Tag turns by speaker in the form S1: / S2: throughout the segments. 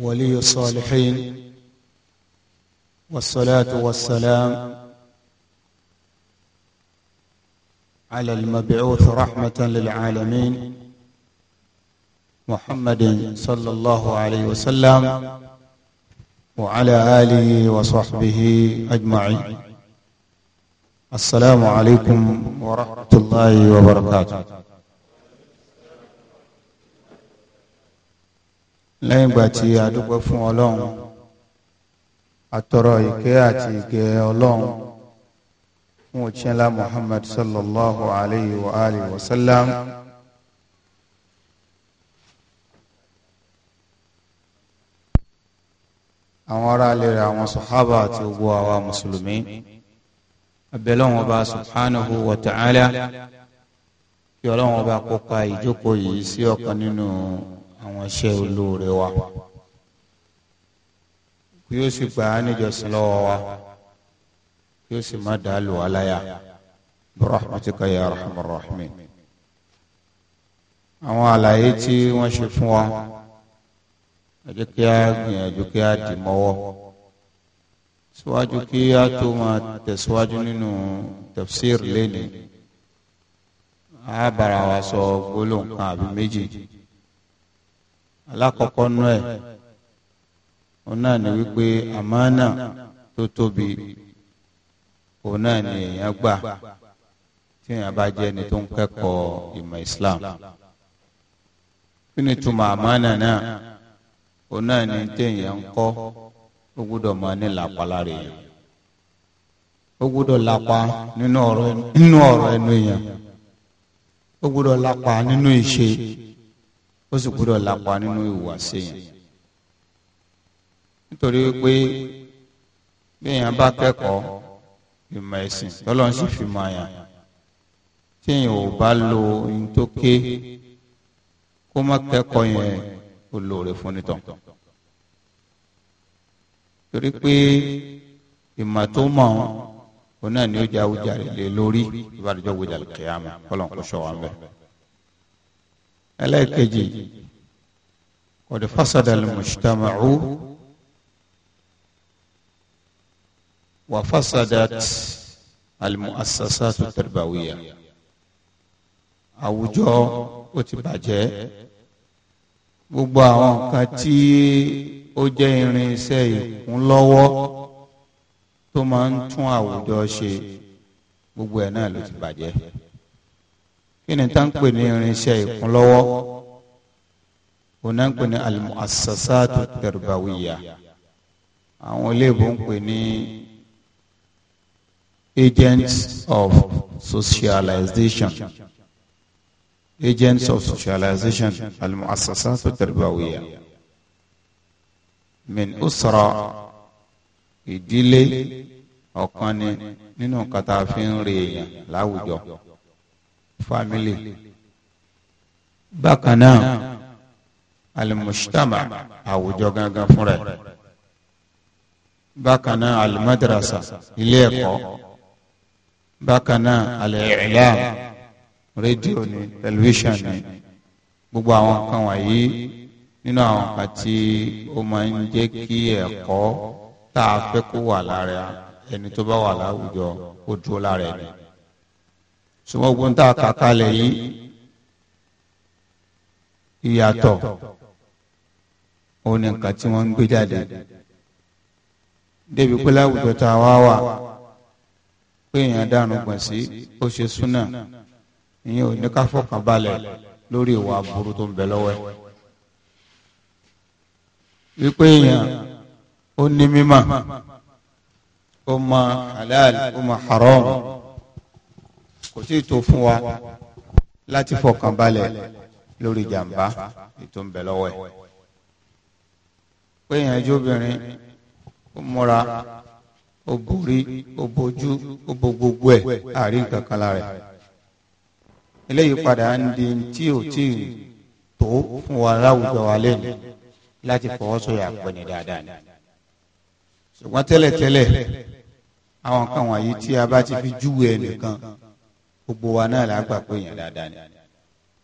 S1: ولي الصالحين والصلاة والسلام على المبعوث رحمة للعالمين محمد صلى الله عليه وسلم وعلى آله وصحبه أجمعين السلام عليكم ورحمة الله وبركاته lẹ́yìn ìgbà tí a dúpẹ́ fún ọlọ́run àtọrọ ìkẹ́ àti ìgẹ̀ ọlọ́run fún òṣìṣẹ́lá muhammad sallallahu alayhi wa alihi wa sallam àwọn ará ilé rẹ̀ àwọn sàhábà àti gbogbo àwa mùsùlùmí abẹ́lẹ́wọ̀n ọba subhanahu wa ta'ala kí ọlọ́run ọba kópa ìjókòó yìí sí ọ̀kan nínú àwọn iṣẹ́ olóore wa kí ó sì gbà á níjọsìn lọ́wọ́ wa kí ó sì má dàá lù wá láyà rahmatika ya rahman rahimin àwọn àlàyé tí wọ́n ṣe fún wa ẹ kí a gbìyànjú kí a dì mọ́wọ́ síwájú kí a tó máa tẹ̀síwájú nínú tafsir lẹ́ni a gbólóǹkan àbí méjì. alákọ̀ọ́kọ́ nú ẹ̀ ni wípé àmánà tó tóbi òun ni èèyàn gbà tí èèyàn bá ẹni tó ń Islam kí túmọ̀ àmánà náà òun ni téèyàn ń kọ́ ó gbúdọ̀ máa ní làpálá rẹ̀ yẹn ó gbúdọ̀ lápa nínú ọ̀rọ̀ ẹnu èèyàn ó gbúdọ̀ lápa nínú ìṣe. ó sì gbúdọ̀ lápa nínú ìhùwàsí yẹn nítorí pé bí èèyàn bá kẹ́kọ̀ọ́ ìmọ̀ ẹ̀sìn tọ́lọ́ sì fi mọ̀ àyàn tí èèyàn ò bá lo ohun tó ké kó má kẹ́kọ̀ọ́ yẹn ó lóore fún nítàn torí pé ìmọ̀ tó mọ̀ ọ́n náà ni ó jẹ́ àwùjáre lé lórí ìbádọ́jọ́ wíjà kẹ́yàmù kọ́lọ́n kó sọ wà ń ẹlẹ́ẹ̀kejì kọ̀dé fasadàlì mùsùtàmàcú wà fasadàt alimuasasatu tẹ̀lifàwìyà àwùjọ ó ti bàjẹ́ gbogbo àwọn nǹkan tí ó jẹ́ irinṣẹ́ ìkúnlọ́wọ́ tó máa ń tún àwùjọ ṣe gbogbo ẹ̀ náà ló ti bàjẹ́
S2: kí ni tá ń pè ní irinṣẹ́ ìkúnlọ́wọ́
S1: òun náà ń pè ní al-mu'assasatu tarbawiyya àwọn iléèbó ń pè ní agents of socialization agents of socialization al-mu'assasatu tarbawiyya min usra ìdílé ọ̀kan ni nínú kata fi ń re èèyàn láwùjọ family bákan náà alimusitama àwùjọ gangan fúnra ẹ̀ bákan náà alimadrasa ilé ẹ̀kọ́ bákan náà alẹ́ẹ̀lám rédíò ni tẹlifíṣàn ni gbogbo àwọn kan wọ̀nyí nínú àwọn kan tí ó máa ń jẹ́ kí ẹ̀kọ́ tá a fẹ́ kó wà lára ẹni tó bá wà láwùjọ ó lára ẹni sùnmọ́ ogun tá a kà kalẹ̀ yìí ìyàtọ̀ òun ni nǹkan tí wọ́n ń gbé jáde débi pé láwùjọ tá a wá wà pé èèyàn dànù gbọ̀n ó ṣe súnà ìyẹn ò ní ká fọkàn balẹ̀ lórí ìwà aburú tó ń bẹ lọ́wọ́ ẹ̀ wípé èèyàn ó ní mímọ̀ ó mọ halal ó mọ haram kò tí ì tó fún wa láti fọkàn balẹ̀ lórí jàǹbá ètò ń bẹ lọ́wọ́ ẹ̀. pé ìyànjú obìnrin ó múra ó borí ó bojú ó bo gbogbo ẹ̀ àárín nǹkan kan lára ẹ̀. eléyìí padà ń di tí ò tí ì tó fún wa láwùjọ wa lẹ́nu láti fọwọ́sọ̀yà pẹ̀lú dáadáa ni. ṣùgbọ́n tẹ́lẹ̀tẹ́lẹ̀ àwọn kan wọ̀nyí tí a bá ti fi júwe ẹnìkan gbogbo wa náà là gbà pé èèyàn dáadáa ni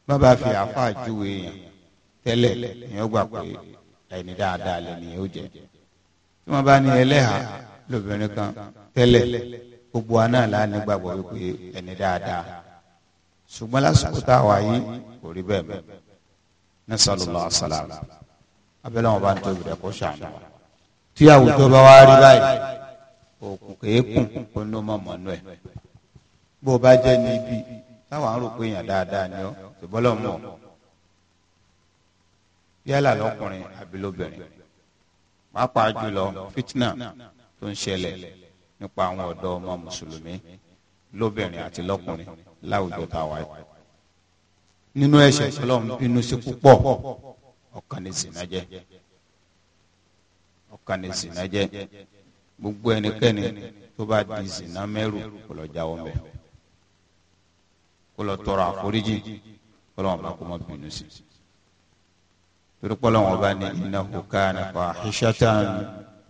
S1: má bàa fi àáfà júwe èèyàn tẹ́lẹ̀ èèyàn gbà pé ẹni dáadáa lẹni yóò jẹ tí wọ́n bá ní ẹlẹ́hà lóbìnrin kan tẹ́lẹ̀ gbogbo wa náà là nígbàgbọ́ wípé ẹni dáadáa ṣùgbọ́n lásìkò tá a wà yìí kò rí bẹ́ẹ̀ mọ́ ní sọlọ́lá sàlámù abẹ́lẹ́ wọn bá ń tóbi rẹ̀ kó ṣàánú tí àwùjọ bá wá rí báyìí òkùnkùn èékùn kó ní ó mọ̀ mọ́nú ẹ̀ bó o bá jẹ́ ní ibi táwọn àrò pé èèyàn dáadáa ni ọ́ ṣùgbọ́lọ́ mọ̀ yálà lọ́kùnrin àbí lóbìnrin pàápàá jùlọ fitna tó ń ṣẹlẹ̀ nípa àwọn ọ̀dọ́ ọmọ mùsùlùmí lóbìnrin àti lọ́kùnrin láwùjọ tàwa yìí nínú ẹ̀ṣẹ̀ tọ́lọ́run bínú sí púpọ̀ ọ̀kan ní zina jẹ́ ọ̀kan ní zina jẹ́ gbogbo ẹnikẹ́ni tó bá di zina mẹ́rù kò lọ jáwọ́ mẹ́rù kó lọ tọrọ àforíjì kọlọ́wọ́n bá kó mọ́ bínú sí i torí kọlọ́wọ́n bá ní innahu kana fahishatan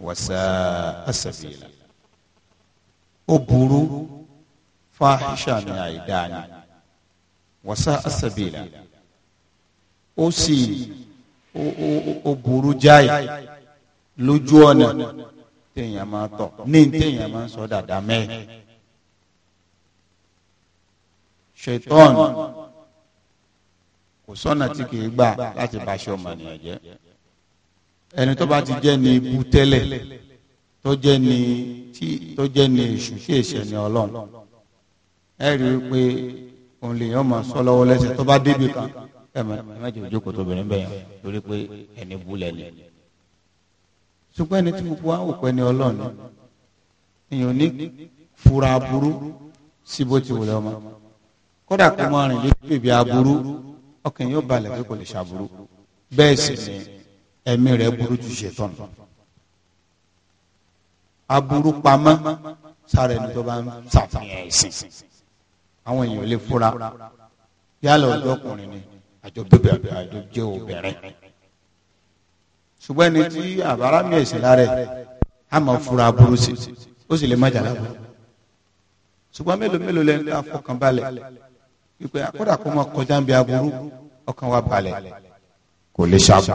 S1: wa sa'a sabila ó burú fahisha ní àìdáa ni wa sa'a sabila ó sì ó burú jáì lójú ọ̀nà téèyàn máa tọ̀ ní téèyàn máa ń sọ dàda mẹ́ẹ̀ ṣetán kò sọ́nà tí kì í gbà láti bàṣọ ọmọnìyàn jẹ́ ẹni tó bá ti jẹ́ ní ibú tẹ́lẹ̀ tó jẹ́ ní tí tó jẹ́ ní èṣù tí èṣẹ̀ ní ọlọ́run ẹ rí i pé òun lè yàn máa sọ lọ́wọ́ lẹ́sẹ̀ tó bá débi kan ẹ mẹ́jọ ìjókòó tó bẹ̀rẹ̀ bẹ́yàn lórí pé ẹni búlẹ̀ ni ṣùgbọ́n ẹni tí mo wá òkú ẹni ọlọ́run èèyàn ní fura burú sí bó ti wù lọ́mọ kódà kó mọ rìn lé bèbè aburú ọkàn yóò balẹ̀ pé kò lè ṣàbúrú bẹ́ẹ̀ sì ni ẹ̀mí rẹ̀ burú ju ṣètọ́nù aburú pamọ́ sára ẹni tó bá ń ṣàfihàn ẹ̀sìn àwọn èèyàn lè fura
S2: yálà ọjọ́ ọkùnrin
S1: ni àjọ bíbẹ̀ àjọ jẹ́ obìnrin ṣùgbọ́n ẹni tí àbára mi ẹ̀sìn lára ẹ̀ á máa fura aburú sí ó sì lè má jà lábọ̀ ṣùgbọ́n mélòó mélòó lẹ́nu ká fọkàn wípé akọ́dà kó máa kọjá ń bí aburú ọkàn wa balẹ̀ kò lè ṣàbù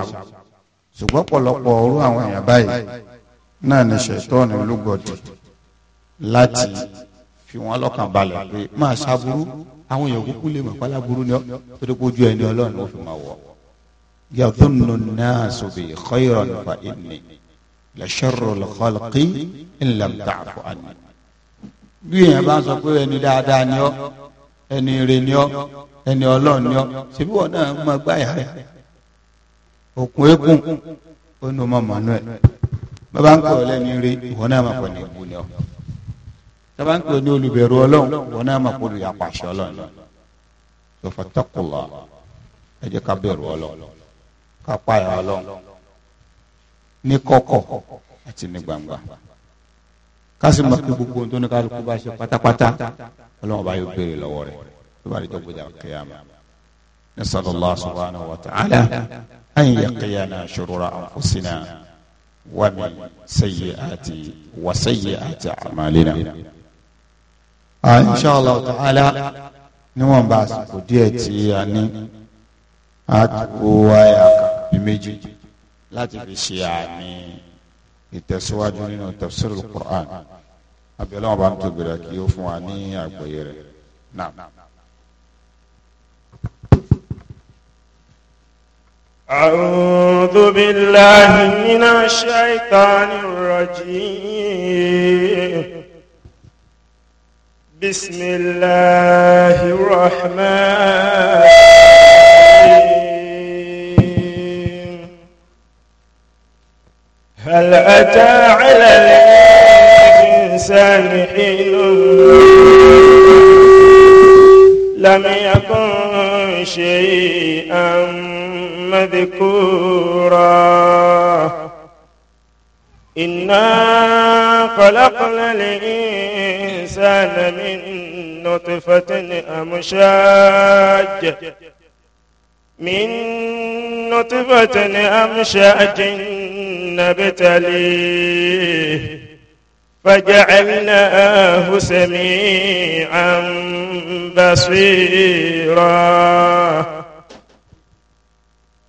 S1: ṣùgbọ́n pọ̀lọpọ̀ ọ̀rọ̀ àwọn èèyàn báyìí náà ni ṣètọ́ọ̀nù olúgbọ̀dì láti fi wọn lọ́kàn balẹ̀ pé máa ṣàbùrú àwọn èèyàn kúkú lè mọ̀ pálábùrú ni ọ́ torí pé ojú ẹni ọlọ́run ó fi máa wọ̀ yàtúnnù náà sòbì khayran fa inni la sharrul khalqi in lam ta'fu anni. bí èèyàn bá sọ pé ẹni dáadáa ni ọ́ ẹni rè ni ọ ẹni ni ọ ṣebí wọn náà máa gbáyà rẹ òkun eégún ó nu ọmọ manuel bàbá ń pè ọ rè wọn náà máa ní ìbú ni ọ bàbá ń pè ní olùbẹ̀rù ọlọ́run wọn náà máa tọkùlọ ká ká pààyà ní àti ní gbangba ká sì gbogbo ohun tó ní bá ṣe pátápátá. ọlọ́run bá yóò béèrè lọ́wọ́ rẹ̀ tó bá rí tó gbéjà kéèyàn nasalu allah subhanahu wa ta'ala an yaqiyana shurura anfusina wa min sayyi'ati wa sayyi'ati a'malina. insha allah ta'ala níwọ̀n bá àsìkò díẹ̀ tí a ní àtúkò wáyà kàkàbí méjì láti fi ṣe àmì ìtẹ̀síwájú nínú tafsirul Qur'an. abẹ́lẹ́ wọn bá ń tóbi kí ó fún wa ní àgbọ́yé rẹ̀ náà.
S2: أعوذ بالله من الشيطان الرجيم بسم الله الرحمن الرحيم هل أتى على سامحين لم يكن شيئا مذكورا إنا خلقنا الإنسان من نطفة أمشاج من نطفة أمشاج نبتليه فجعلناه سميعا بصيرا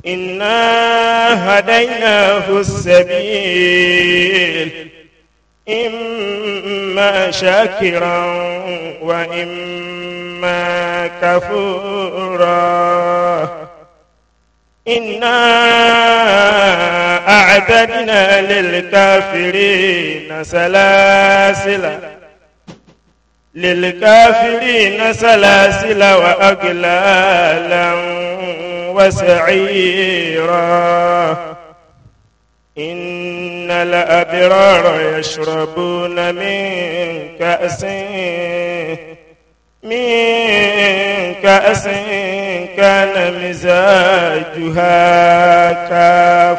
S2: إنا هديناه السبيل إما شاكرا وإما كفورا إنا أعددنا للكافرين سلاسل للكافرين سلاسل وأغلالا وسعيرا إن الأبرار يشربون من كأسٍ من كأس كان مزاجها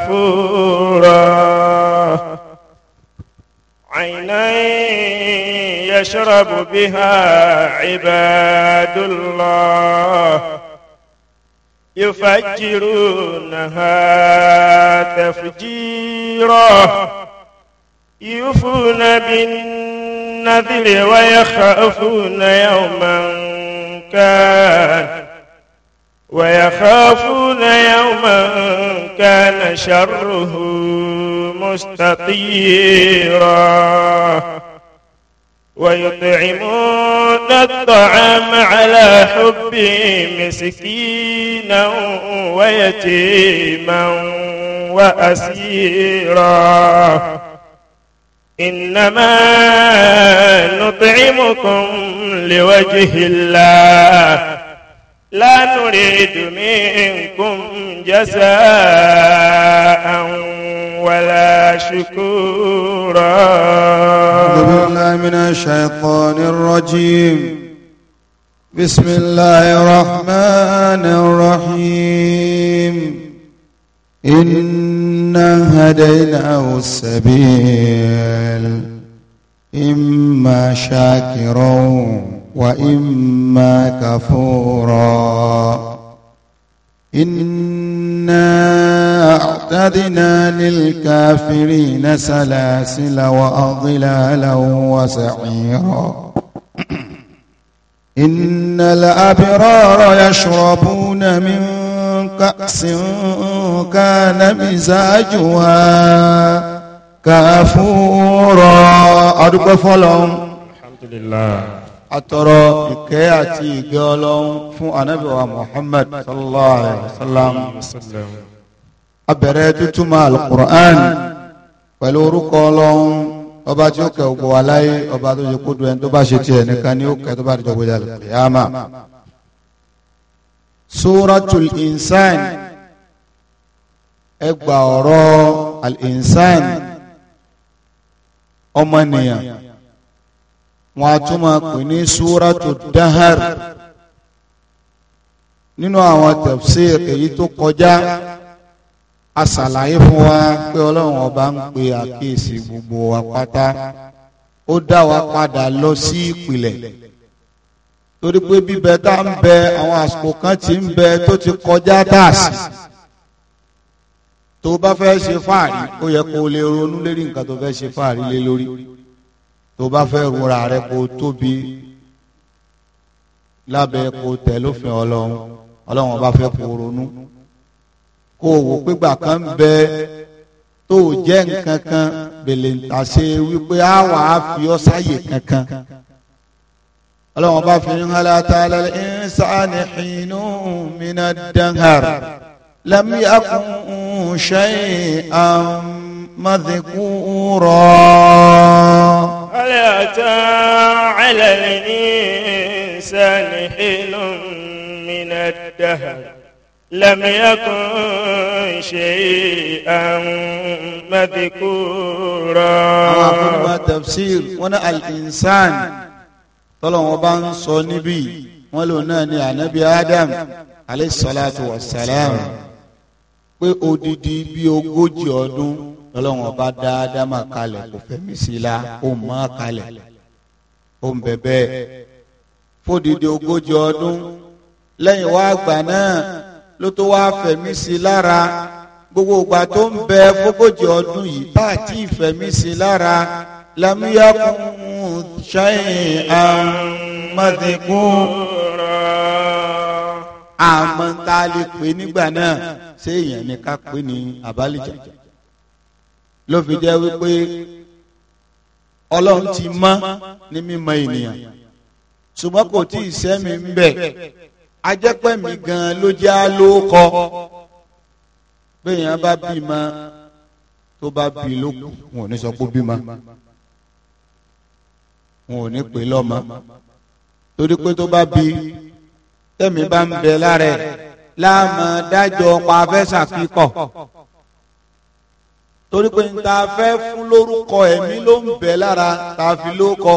S2: كافورا عينا يشرب بها عباد الله يفجرونها تفجيرا يوفون بالنسبة النذر ويخافون يوما كان ويخافون يوما كان شره مستطيرا ويطعمون الطعام على حب مسكينا ويتيما وأسيرا إنما نطعمكم لوجه الله لا نريد منكم جزاء ولا شكورا أعوذ بالله من الشيطان الرجيم بسم الله الرحمن
S1: الرحيم إنا هديناه السبيل إما شاكرا وإما كفورا إنا أعتدنا للكافرين سلاسل وأضلالا وسعيرا إن الأبرار يشربون من كأس كان مزاجها كافورا أدوك فلهم
S2: الحمد لله
S1: atọrọ ìkẹ́ àti ìgẹ́ Ọlọ́run fún ànábì wa Muhammad sallallahu alaihi
S2: wasallam a bẹ̀rẹ̀ tútúmọ̀
S1: alukur'an pẹ̀lú orúkọ Ọlọ́run ọba tí ó kẹ́ ògbó aláyé ọba tó yẹ kó du ẹni tó bá ṣe tiẹ̀ nìkan ni ó kẹ́ tó bá dìjọ gbé dàlù kìyàmà. suratul insan ẹgbà ọ̀rọ̀ al-insan ọmọnìyàn wọn a tún máa pè ní suratu dahar nínú àwọn tafsir èyí tó kọjá a ṣàlàyé fún wa pé ọlọ́run ọba ń pe àkíyèsí gbogbo wa pátá ó dá wa padà lọ sí ìpìlẹ̀ torí pé bíbẹ tá ń bẹ àwọn àsìkò kan tí ń bẹ tó ti kọjá dáàsì. tó bá fẹ́ ṣe fáàrí ó yẹ kó lè ronú lérí nǹkan tó fẹ́ ṣe fáàrí lé lórí tó bá fẹ́ rora rẹ kó tóbi lábẹ́ kó tẹ̀ lófin ọlọ́run ọlọ́run ọba fẹ́ kó ronú kó wò pégbà kan bẹ tó jẹ́ nǹkan kan bèlè wípé a wà á fi ọ́ sáyè kankan ọlọ́run ọba fi ń hàn látàlẹ́ ń sáà ní ìnú mi náà dáhàr lẹ́mí àkùn. شيئا
S2: مذكورا هل أتى على الإنسان حين من الدهر لم يكن شيئا مذكورا ما تفسير وانا الإنسان
S1: طلعوا بان صنبي ولو ناني نبي آدم عليه الصلاة والسلام pé odidi bí ogójì ọdún lọ́lọ́wọ́n bá dá ádámà kalẹ̀ kò fẹ́mi sí la ó mọ́ kalẹ̀ ó ń bẹ̀bẹ̀ fódidi ogójì ọdún lẹ́yìn wá àgbà náà ló tó wá fẹ̀mí sí lára gbogbo ìgbà tó ń bẹ fógójì ọdún yìí bá àti ìfẹ̀mí sí lára lamiyakun shay'an madhkura àmọ́ tá nígbà náà ṣé èèyàn ni ká pè ní àbálìjà ló fi jẹ́ wípé ọlọ́run ti mọ̀ ní mímọ̀ ènìyàn ṣùgbọ́n kò tí ì sẹ́mi ń bẹ̀ ajẹ́pẹ̀mí gan-an ló jẹ́ alóòkọ béèyàn bá bímọ tó bá bí lókun wọn ò ní sọ pé bímọ wọn ò ní pè lọ́mọ torí pé tó bá bí tẹ̀mí bá ń bẹ lára ẹ̀ láàmú dájọ́ pa fẹ́sà kíkọ̀ torí pé ta fẹ́ fún lórúkọ ẹ̀mí ló ń bẹ lára ta fi ló kọ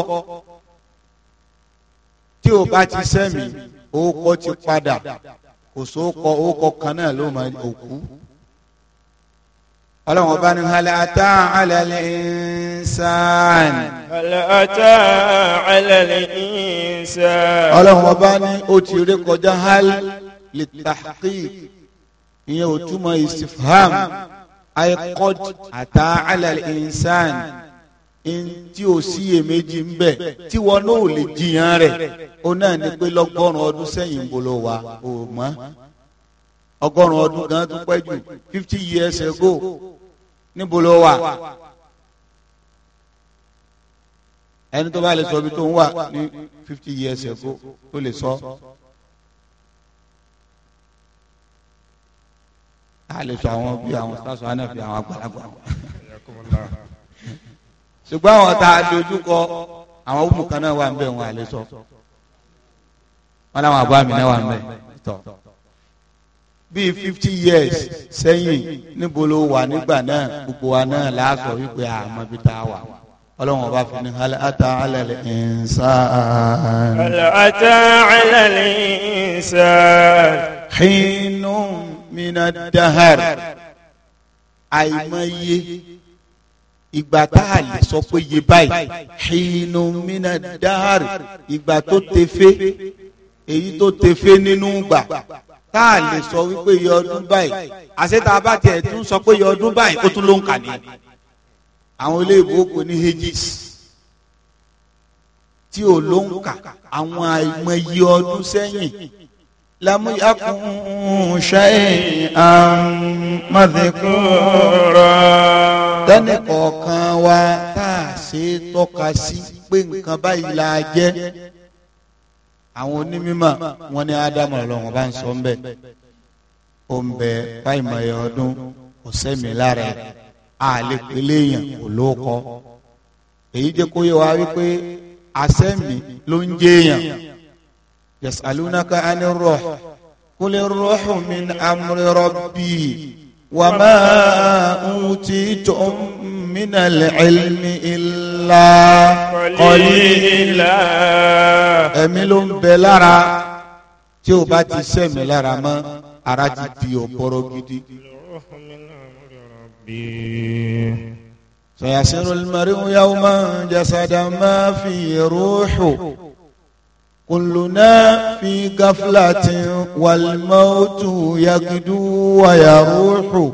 S1: tí o bá ti sẹ́mi òkọ ti padà kò sókọ òkọ kan náà ló máa òkú ọlọ́run ọba ní hal ata ala al-insan. ata
S2: ala al ọlọ́run ọba
S1: ní o ti rékọjá hal. للتحقيق ìyẹn ò túmọ̀ istifham ay qad ata ala al-insan tí o sí iyèméjì ń bẹ tí wọn náà ò lè jiyàn rẹ̀ ó náà ní pé lọ́gọ́rùn-ún ọdún sẹ́yìn ń bolo wa ò mọ́ ọgọ́rùn-ún ọdún gan tó pẹ́ jù fifty years ago níbo ló wà ẹni tó bá lè sọ ibi tó ń wà ní fifty years ago ó lè sọ. So. a lè sọ àwọn bí àwọn sásọ anáfi àwọn àgbàlagbà ṣùgbọ́n àwọn tá a dojú kọ àwọn ọmọ kan náà wà ń bẹ̀ wọn à lè sọ wọn làwọn àbọ̀ àmì náà wà ń bẹ̀ tọ̀ bíi fifty years sẹ́yìn níbo ló wà nígbà náà gbogbo wa náà láàsọ wípé àmọ́ bí tá a wà ọlọ́run ọba fi ní hal ata alẹ́lẹ́ ìnsán. hal ata alẹ́lẹ́ ìnsán. hinun mina dahar àìmọye ìgbà tá a lè sọ pé yé báyìí hinu mina dahar ìgbà tó tefe èyí tó tefe nínú gbà tá a lè sọ wípé yọ ọdún báyìí àṣetà bá tiẹ̀ tún sọ pé yọ ọdún báyìí ó tún ló ń kà ní. àwọn olóyìnbó kò ní hegis tí ò ló ń kà àwọn àìmọye ọdún sẹ́yìn لم يكن شيئا مذكورا tẹ́nì kọ̀ọ̀kan wa tá a ṣe tọ́ka sí pé nǹkan báyìí la jẹ́ àwọn onímọ̀ wọn ni ádámù ọlọ́run bá ń sọ ńbẹ ó ń bẹ páìmọ̀yẹ ọdún kò sẹ́mi lára
S2: àlepẹ̀lẹ́yìn kò
S1: èyí jẹ́ kó yẹ wá wípé àṣẹ́mi ló ń jẹ́yàn yasalunaka ani ruh kuli ruhu min amri rabbi wama utitum min al-ilmi illa qalila ẹ̀mí ló ń bẹ lára tí o bá ti sẹ́mi lára mọ́ ara ti di ọ̀pọ̀rọ̀ gidi. فيصير المرء يوما جسدا ما في روحه كلنا في غفلة والموت يقدو ويروح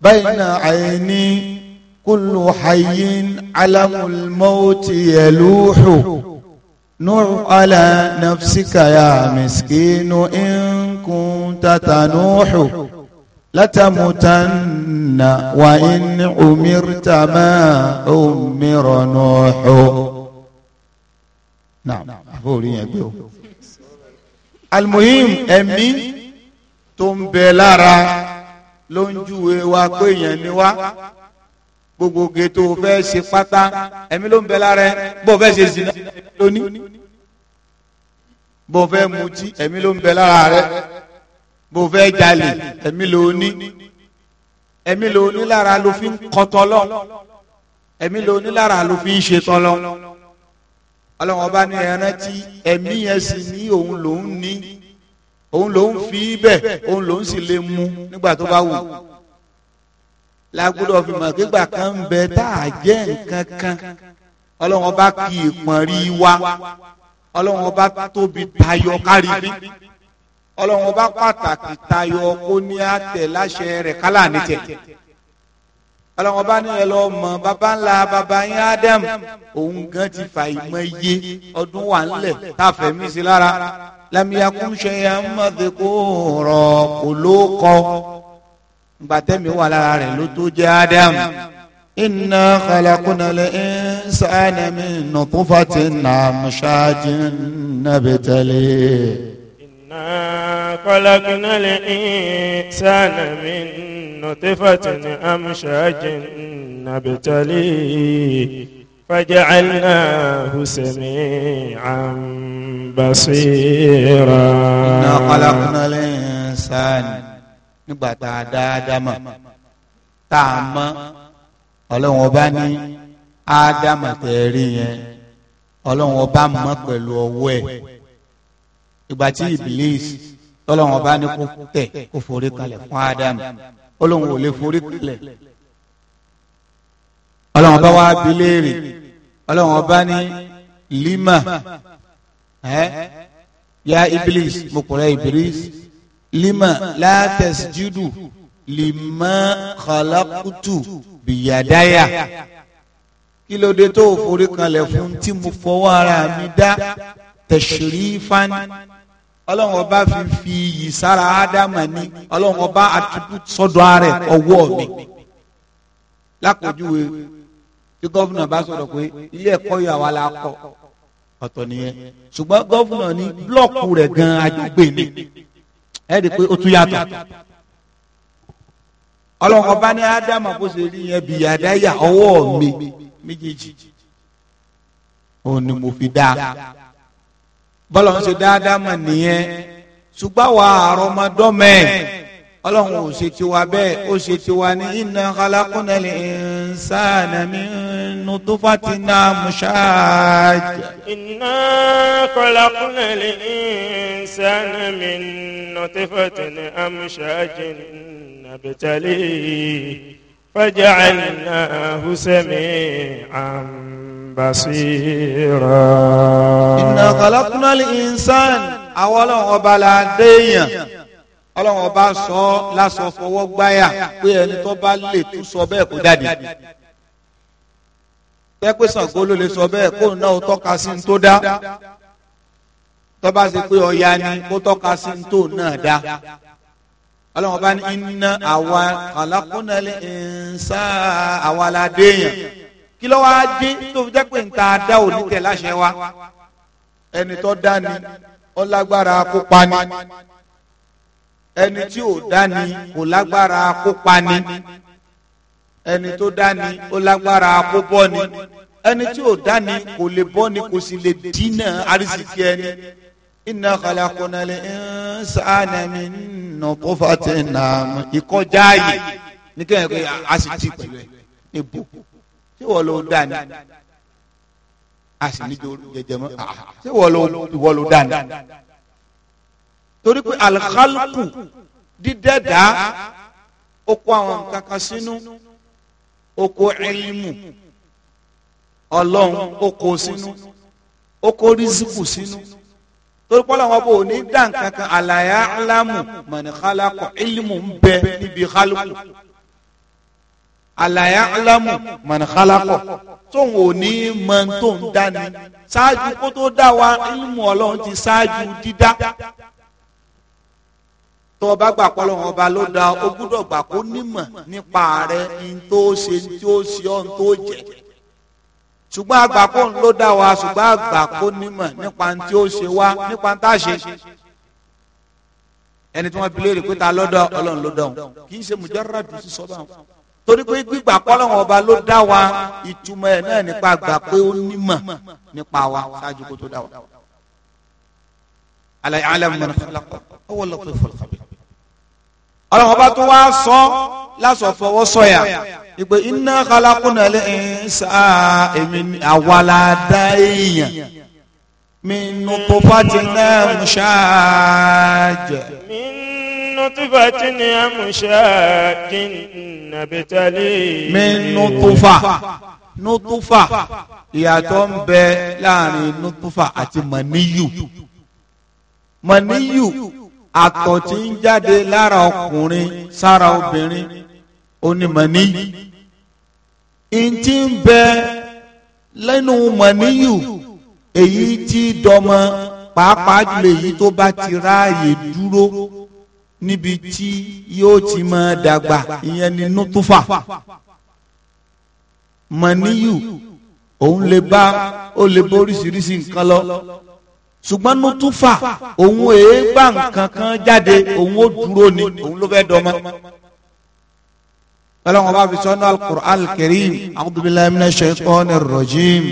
S1: بين عيني كل حي علم الموت يلوح نر على نفسك يا مسكين إن كنت تنوح لتموتن وإن أمرت ما أمر نوح نعم bó rí yẹn gbé o almuhim ẹ̀mí tó ń bẹ lára ló ń júwe wa pé èèyàn ni wá gbogbo gètò fẹ́ ṣe pátá ẹ̀mí ló ń bẹ lára ẹ bó fẹ́ ṣe zina lónìí bó fẹ́ mutí ẹ̀mí ló ń bẹ lára rẹ bó fẹ́ jalè ẹ̀mí ló ní ẹ̀mí ló ní lára ló fi ń kọ́ tọ́lọ́ ẹ̀mí ló ní lára ló fi ń ṣe tọ́lọ́ ọlọ́run ọba ní ẹran tí ẹ̀mí yẹn sì ní òun lòún ní òun lòún fi bẹ̀ òun lòún sì lè mu nígbà tó bá wù lágbọ́dọ̀ fi mọ̀ kígbà kan ń bẹ tá a jẹ́ nǹkan kan ọlọ́run ọba kì í pọ̀n rí wa ọlọ́run ọba tóbi tayọ kárí bí ọlọ́run ọba pàtàkì tayọ kó ní àtẹ̀ láṣẹ rẹ̀ kálá nítẹ̀ ọlọ́wọ́n bá ní ẹlọ́ mọ baba ńlá baba yín Adam òun gan ti fà ìmọ̀ iye ọdún wà ńlẹ̀ tá a fẹ̀mí sí lára lamiyakun ṣẹyà mọ̀tẹ́kọ̀ọ́rọ̀ kò ló kọ gbàtẹ́mi wà lára rẹ̀ ló tó jẹ́ Adam inna khalaqnal insana min nutfatin amshajin nabtalihi. inna
S2: khalaqnal insana min. نطفة أمشاج نبتليه فجعلناه سميعا بصيرا إنا خلقنا
S1: الإنسان nígbà tá a dá ádámà tá a mọ ọlọ́run ọba ní ádámà tẹ̀ rí yẹn ọlọ́run ọba mọ pẹ̀lú ọwọ́ ẹ̀ ìgbà tí iblis ọlọ́run ọba ní kó tẹ̀ kó forí kalẹ̀ fún ádámà ọlọ́run ò lè forí kalẹ̀ ọlọ́run bá wá bi léèrè ọlọ́run bá ní lima ẹ ya iblis mo kọ̀ rẹ́ iblis lima la tasjudu lima khalaqtu biyadaya kí ló dé tó forí kalẹ̀ fún tí mo fọwọ́ ara mi dá tashrifan ọlọ́run ọba fi fi iyì sára ádámà ní ọlọ́run ọba attribute sọ́dọ̀ ààrẹ ọwọ́ mi lápòjúwe tí gọ́vùnà bá sọ̀rọ̀ pé ilé ẹ̀kọ́ yà wà la kọ́ ọ̀tọ̀ nìyẹn ṣùgbọ́n gọ́vùnà ní blọ́ọ̀kù rẹ̀ gan-an àjọgbé mi ẹ̀ rí i pé ó tún yàtọ̀ ọlọ́run ọba ní ádámà bó ṣe rí yẹn bìyàdáyà ọwọ́ mi méjèèjì òun ni mo fi dáa bọ́lá ń ṣe dáadáa mà nìyẹn ṣùgbọ́n wà àrọ́mọdọ́mẹ́ ọlọ́run ò ṣe tiwa bẹ́ẹ̀ ó ṣe tiwa ní inna khalaqnal insana min nutfatin amshaj. inna khalaqnal
S2: insana min nutfatin amshajin nabtalihi faja'alnahu sami'an. بصيرا إنا خلقنا الإنسان أولا وبلا ديا
S1: ọlọ́run ọba sọ lásọ fọwọ́ gbáyà pé ẹni tó bá lè tún sọ bẹ́ẹ̀ kó dàdí pé pé Ṣàngó ló lè sọ bẹ́ẹ̀ kó náà ó tọ́ka sí ní tó dá tó ṣe pé Ọya ni kó tọ́ka sí ní tó náà dá ọlọ́run ọba ní iná àwa kàlákùnà lè ń sá àwa la déèyàn kí ló wá dé tó fi jẹ́ pé ń ta dá òní tẹ̀ láṣẹ wa ẹni tó dá ni ó lágbára kó pa ni ẹni tí ò dá ni kò lágbára kó pa ni ẹni tó dá ni ó lágbára kó bọ́ ni ẹni tí ò dá ni kò lè bọ́ ni kò sì lè dínà àrísìkí ẹni. inna khalaqna al-insana min nutfatin ìkọjá yìí ní kẹ́hìn pé a sì ti pẹ̀lú ẹ̀ ní bò ṣé wọ́n ló dá ni a sì ní jẹjẹ mọ́ ah, ah, ah. ṣé wọ́n ló wọ́n ló dá ni torí pé alikálùkù dídẹ́dá ó kó àwọn nǹkan kan sínú ó kó ẹlímù ọlọ́run ó kó sínú ó kó rísíkù sínú torí pọ́lá wọn bò ní dá nǹkan kan àlàyé alámù mọ̀nìkálá kọ ń bẹ níbi kálùkù àlàyé alamu mọ̀nàkálàkọ tóun ò ní mọ tó ń dání ṣáájú kó tó dá wa ilmu ọlọ́run ti ṣáájú dídá tó o bá gbà pọ́ lọ́wọ́ ọba ló da o gbúdọ̀ gbà kó nímọ̀ nípa rẹ̀ ní tó ṣe ní tó ṣe ọ́ ní tó jẹ́ ṣùgbọ́n àgbà kó ń ló dá wa ṣùgbọ́n àgbà kó nímọ̀ nípa ní tí ó ṣe wá nípa ní tá a ṣe ẹni tí wọ́n fi léèrè pé ta lọ́dọ̀ ọlọ́run ló dọ̀ kì í ṣe mùjọ́rọ̀dù sísọ báwọn torí pé gbígbà pọ́lọ́wọ́n ọba ló dá wa ìtumọ̀ ẹ̀ náà nípa gbà pé ó nímọ̀ nípa wa ṣáájú kó tó dá wa. alẹ́ alẹ́ mọ̀nà fọlọ́kọ̀ ọwọ́ lọ́kọ̀ ìfọlọ́kọ̀ ọlọ́run ọba tó wá sọ lásọ fọwọ́ sọ̀yà ìpè iná kálákùnà lè ń sa èmi ní àwàládá èèyàn mi nù
S2: tó fàtí náà mú
S1: ṣáájà.
S2: نطفة أمشاج نبتلي من نطفة نطفة
S1: ìyàtọ̀ ń bẹ láàrin nutufa àti maniyu maniyu àtọ̀ tí ń jáde lára ọkùnrin sára obìnrin onímọ̀ní ìtì ń bẹ lẹ́nu maniyu èyí tí dọmọ pàápàá jùlọ èyí tó bá ti ráàyè dúró níbi tí yóò ti máa dàgbà ìyẹn ni nútúfà mọ̀níyù òun lè bá ó lè bá oríṣiríṣi nǹkan lọ ṣùgbọ́n nútúfà òun èé bá nǹkan kan jáde òun ó dúró ni òun ló fẹ́ dọ́mọ. ọlọ́run ọba fi sọ́nà al-Qur'an al-Karim a'udhu billahi minash shaytanir rajim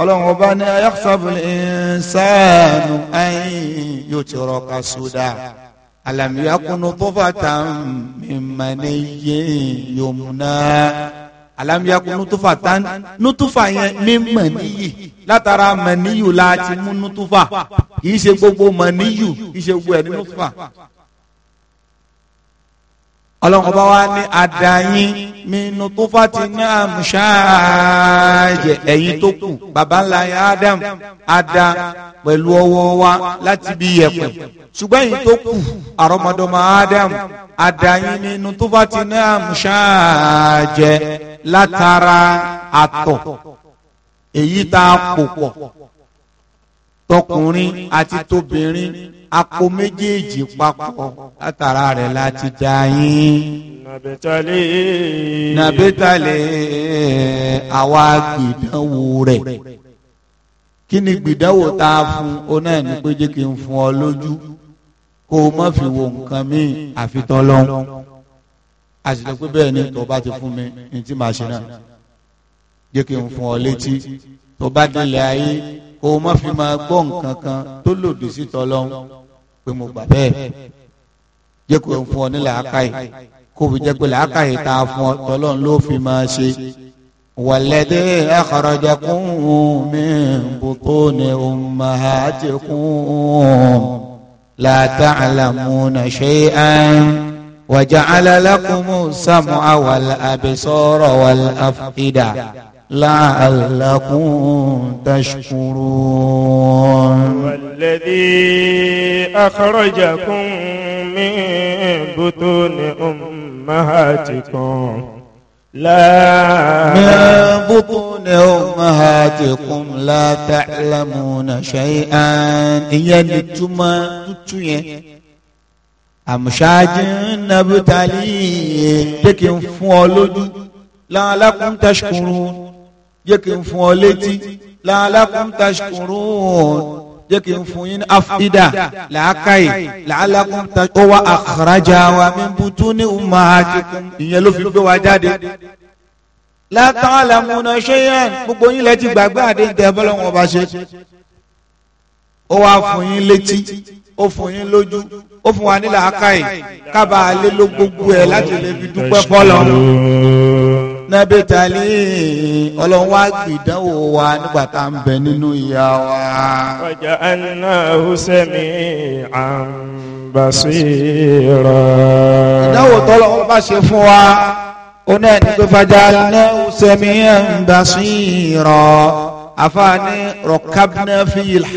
S1: ọlọ́run ọba ní ayahsabu al-insanu an yutraka suda alamiya kunu tufatan mimane ye yomuna alamiya kunu tufatan nutufa yẹn mimani yi látara maniyu la ti mú nutufa kì í gbogbo maniyu kì í ṣe nutufa ọlọ́run ọba wa ní àdáyín mínú tó fàtí ní àmúṣáàjẹ ẹ̀yìn tó kù baba ńlá ya Adam ada pẹ̀lú ọwọ́ wa láti bí yẹ̀pẹ̀ ṣùgbọ́n ẹ̀yìn tó kù àrọ́mọdọ́mọ Adam àdáyín mínú tó fàtí ní àmúṣáàjẹ látara àtọ̀
S2: èyí tá a kò pọ̀ tọkùnrin àti tóbìnrin
S1: akó méjèèjì papọ̀ látara rẹ̀ láti dá yín.
S2: nàbẹ́tàlẹ́ nàbẹ́tàlẹ́
S1: àwa gbìdánwò rẹ̀ kí ni gbìdánwò tá a fún ọ náà ní pé jẹ́ kí n fún ọ lójú kó o má fi wo nǹkan míì àfitán lọ́hùn a sì lọ pé bẹ́ẹ̀ ni tó bá ti fún mi ní tí màá ṣe náà jẹ́ kí n fún ọ létí tó bá délé ayé kó o má fi máa gbọ́ nǹkan kan tó lòdì sí tọ́lọ́hún pé mo gbà bẹ́ẹ̀ jẹ́ kó o fún ọ ní làákàyè kó o fi jẹ́ pé làákàyè tá a fún ọ tọ́lọ́hún ló fi máa ṣe. wàlẹ́dẹ́ akhrajakum min butuni ummahatikum la ta'lamuna shay'an wa ja'ala lakumu sam'a wal absara
S2: wal af'ida.
S1: لعلكم
S2: تشكرون والذي أخرجكم من بطون أمهاتكم لا من بطون أمهاتكم لا
S1: تعلمون شيئا ìyẹn ni túmọ̀ tútù yẹn àmúṣáájú nàbútàlì pé kí n fún ọ lójú làálàkùn tashkurun jẹ́ kí n fún ọ létí làálàkùn tashkurun jẹ́ kí n fún yín afida làákàyè làálàkùn tashkurun ó wá akhraja wa min butuni ummahatikum ìyẹn ló fi gbé wa jáde la ta'lamuna shay'an gbogbo yín lẹ ti gbàgbé àdé ìdẹ́bọ́lọ́ wọn bá ṣe ó wá fún yín létí ó fún yín lójú ó fún wa ní làákàyè kábàá ló gbogbo ẹ̀ láti lè fi dúpẹ́
S2: fọ́lọ́
S1: nabitali ọlọ́run wá gbìdánwò wa nígbà tá à ń bẹ nínú ìyá
S2: wa. ọjà àná húsẹ́mi àǹbàṣírà. ìdánwò tọ́lọ́ wọn bá ṣe fún wa ó náà ní pé
S1: fàjà àná húsẹ́mi àǹbàṣírà àfààní rọ̀kábínà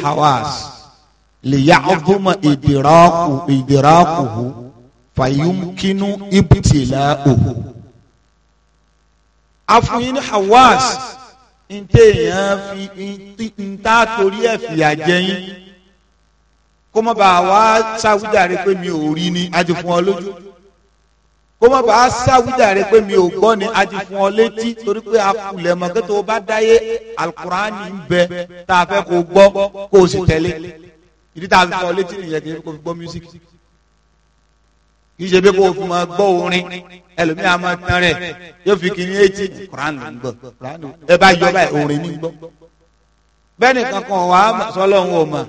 S1: hawas lè yá ìdìrákù ìdìrákù fàyínkínú ibùtìlá òhù afunyin ní hawas ntẹ èèyàn fi ntá torí ẹ fìyà jẹyìn kó má bàa wá sáwùjáre pé mi ò rí ni a ti fún ọ lójú kó má bàa sáwùjáre pé mi ò gbọ́ ni a ti fún ọ létí torí pé akulẹ̀ mọ̀ kí o bá dáyé alukurani ń bẹ tá a fẹ́ kó gbọ́ kó o sì fi fún ọ létí nìyẹn kì í kó fi kì í ṣe bí kò fi máa gbọ́ orin ẹlòmíà máa tán rẹ̀ yóò fi kì í ní etí Quran ló ń gbọ́ ẹ bá yọ báyìí orin ní gbọ́ bẹ́ẹ̀ni kankan wà á sọlọ́run ò mà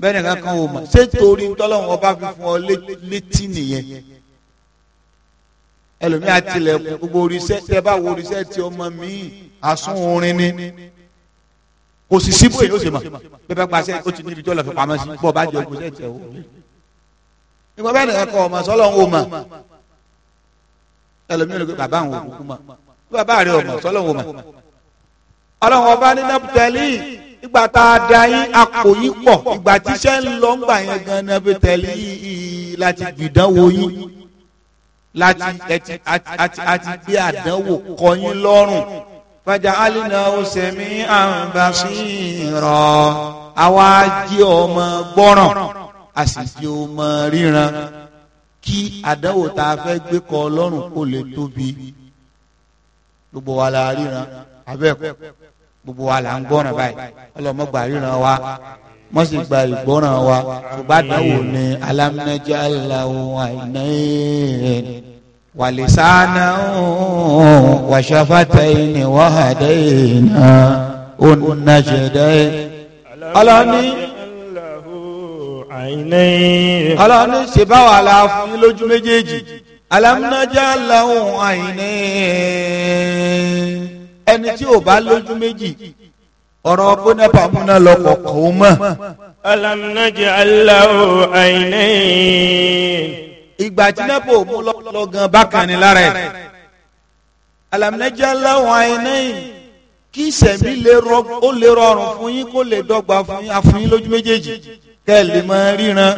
S1: bẹ́ẹ̀ni kankan ò mà ṣé torí tọ́lọ́run ọba fi fún ọ létí nìyẹn ẹlòmíà tilẹ̀ gbogbo oríṣẹ́ tẹ bá wo oríṣẹ́ ti ọmọ mi àsún orin ni kò sì síbò yìí ó sì mà bẹ́ẹ̀ bá pàṣẹ ó ti níbi tí ó lọ fi pamọ́ sí bọ́ọ̀ bá jẹ ogun sẹ́ẹ̀tì ẹ̀ wò ìgbà bẹ́ẹ̀ nìkan kọ́ ọmọ sọ́lọ́hún ò mà ẹlòmíràn ló gbé bàbá àwọn òkúkú mà bàbá rẹ̀ ọmọ sọ́lọ́hún ò mà ọlọ́run ọba ní nàbùtẹ́lì ìgbà tá a da yín akòyí pọ̀ ìgbà tíṣẹ́ ń lọ ńgbà yẹn gan nàbùtẹ́lì láti gbìdánwò yín láti ẹtì àti àti gbé àdánwò kọ yín lọ́rùn fàjà alina ọ̀sẹ̀mí àǹbàṣírọ̀ àwa jí ọmọ gbọ́ràn a sì fi ọmọ ríran kí àdánwò tá a fẹ́ gbé kọ ọlọ́run kó lè tóbi gbogbo wa la ríran abẹ́ẹ̀kọ́ gbogbo wa la ń gbọ́ràn báyìí ọlọ́mọgbà ríran wa wọ́n sì gba ìgbọ́ràn wa ṣùgbọ́n àdánwò ni alámínájá aláwọ̀ àìnáyẹn wàlísánà wàṣàfàtàyìn wàhádẹ́yìn náà ó
S2: nàjẹ̀dẹ́ ọlọ́ni àìní. ọlọ́ni
S1: ṣe báwa la fún lójú méjèèjì alámúnájà làwọn àìní. ẹni tí ò bá lójú méjì ọ̀rọ̀ bónẹ́pà múná lọ́pọ̀ kò mọ̀. alámúnájà làwọn àìní. ìgbà tí nẹ́pọ̀ mú lọ́gán bákan ni lára ẹ̀. alámúnájà làwọn àìní kí sẹ̀mí lè rọrùn fún yín kó lè dọ́gba fún yín lójú méjèèjì kẹ́lẹ̀ máa ríran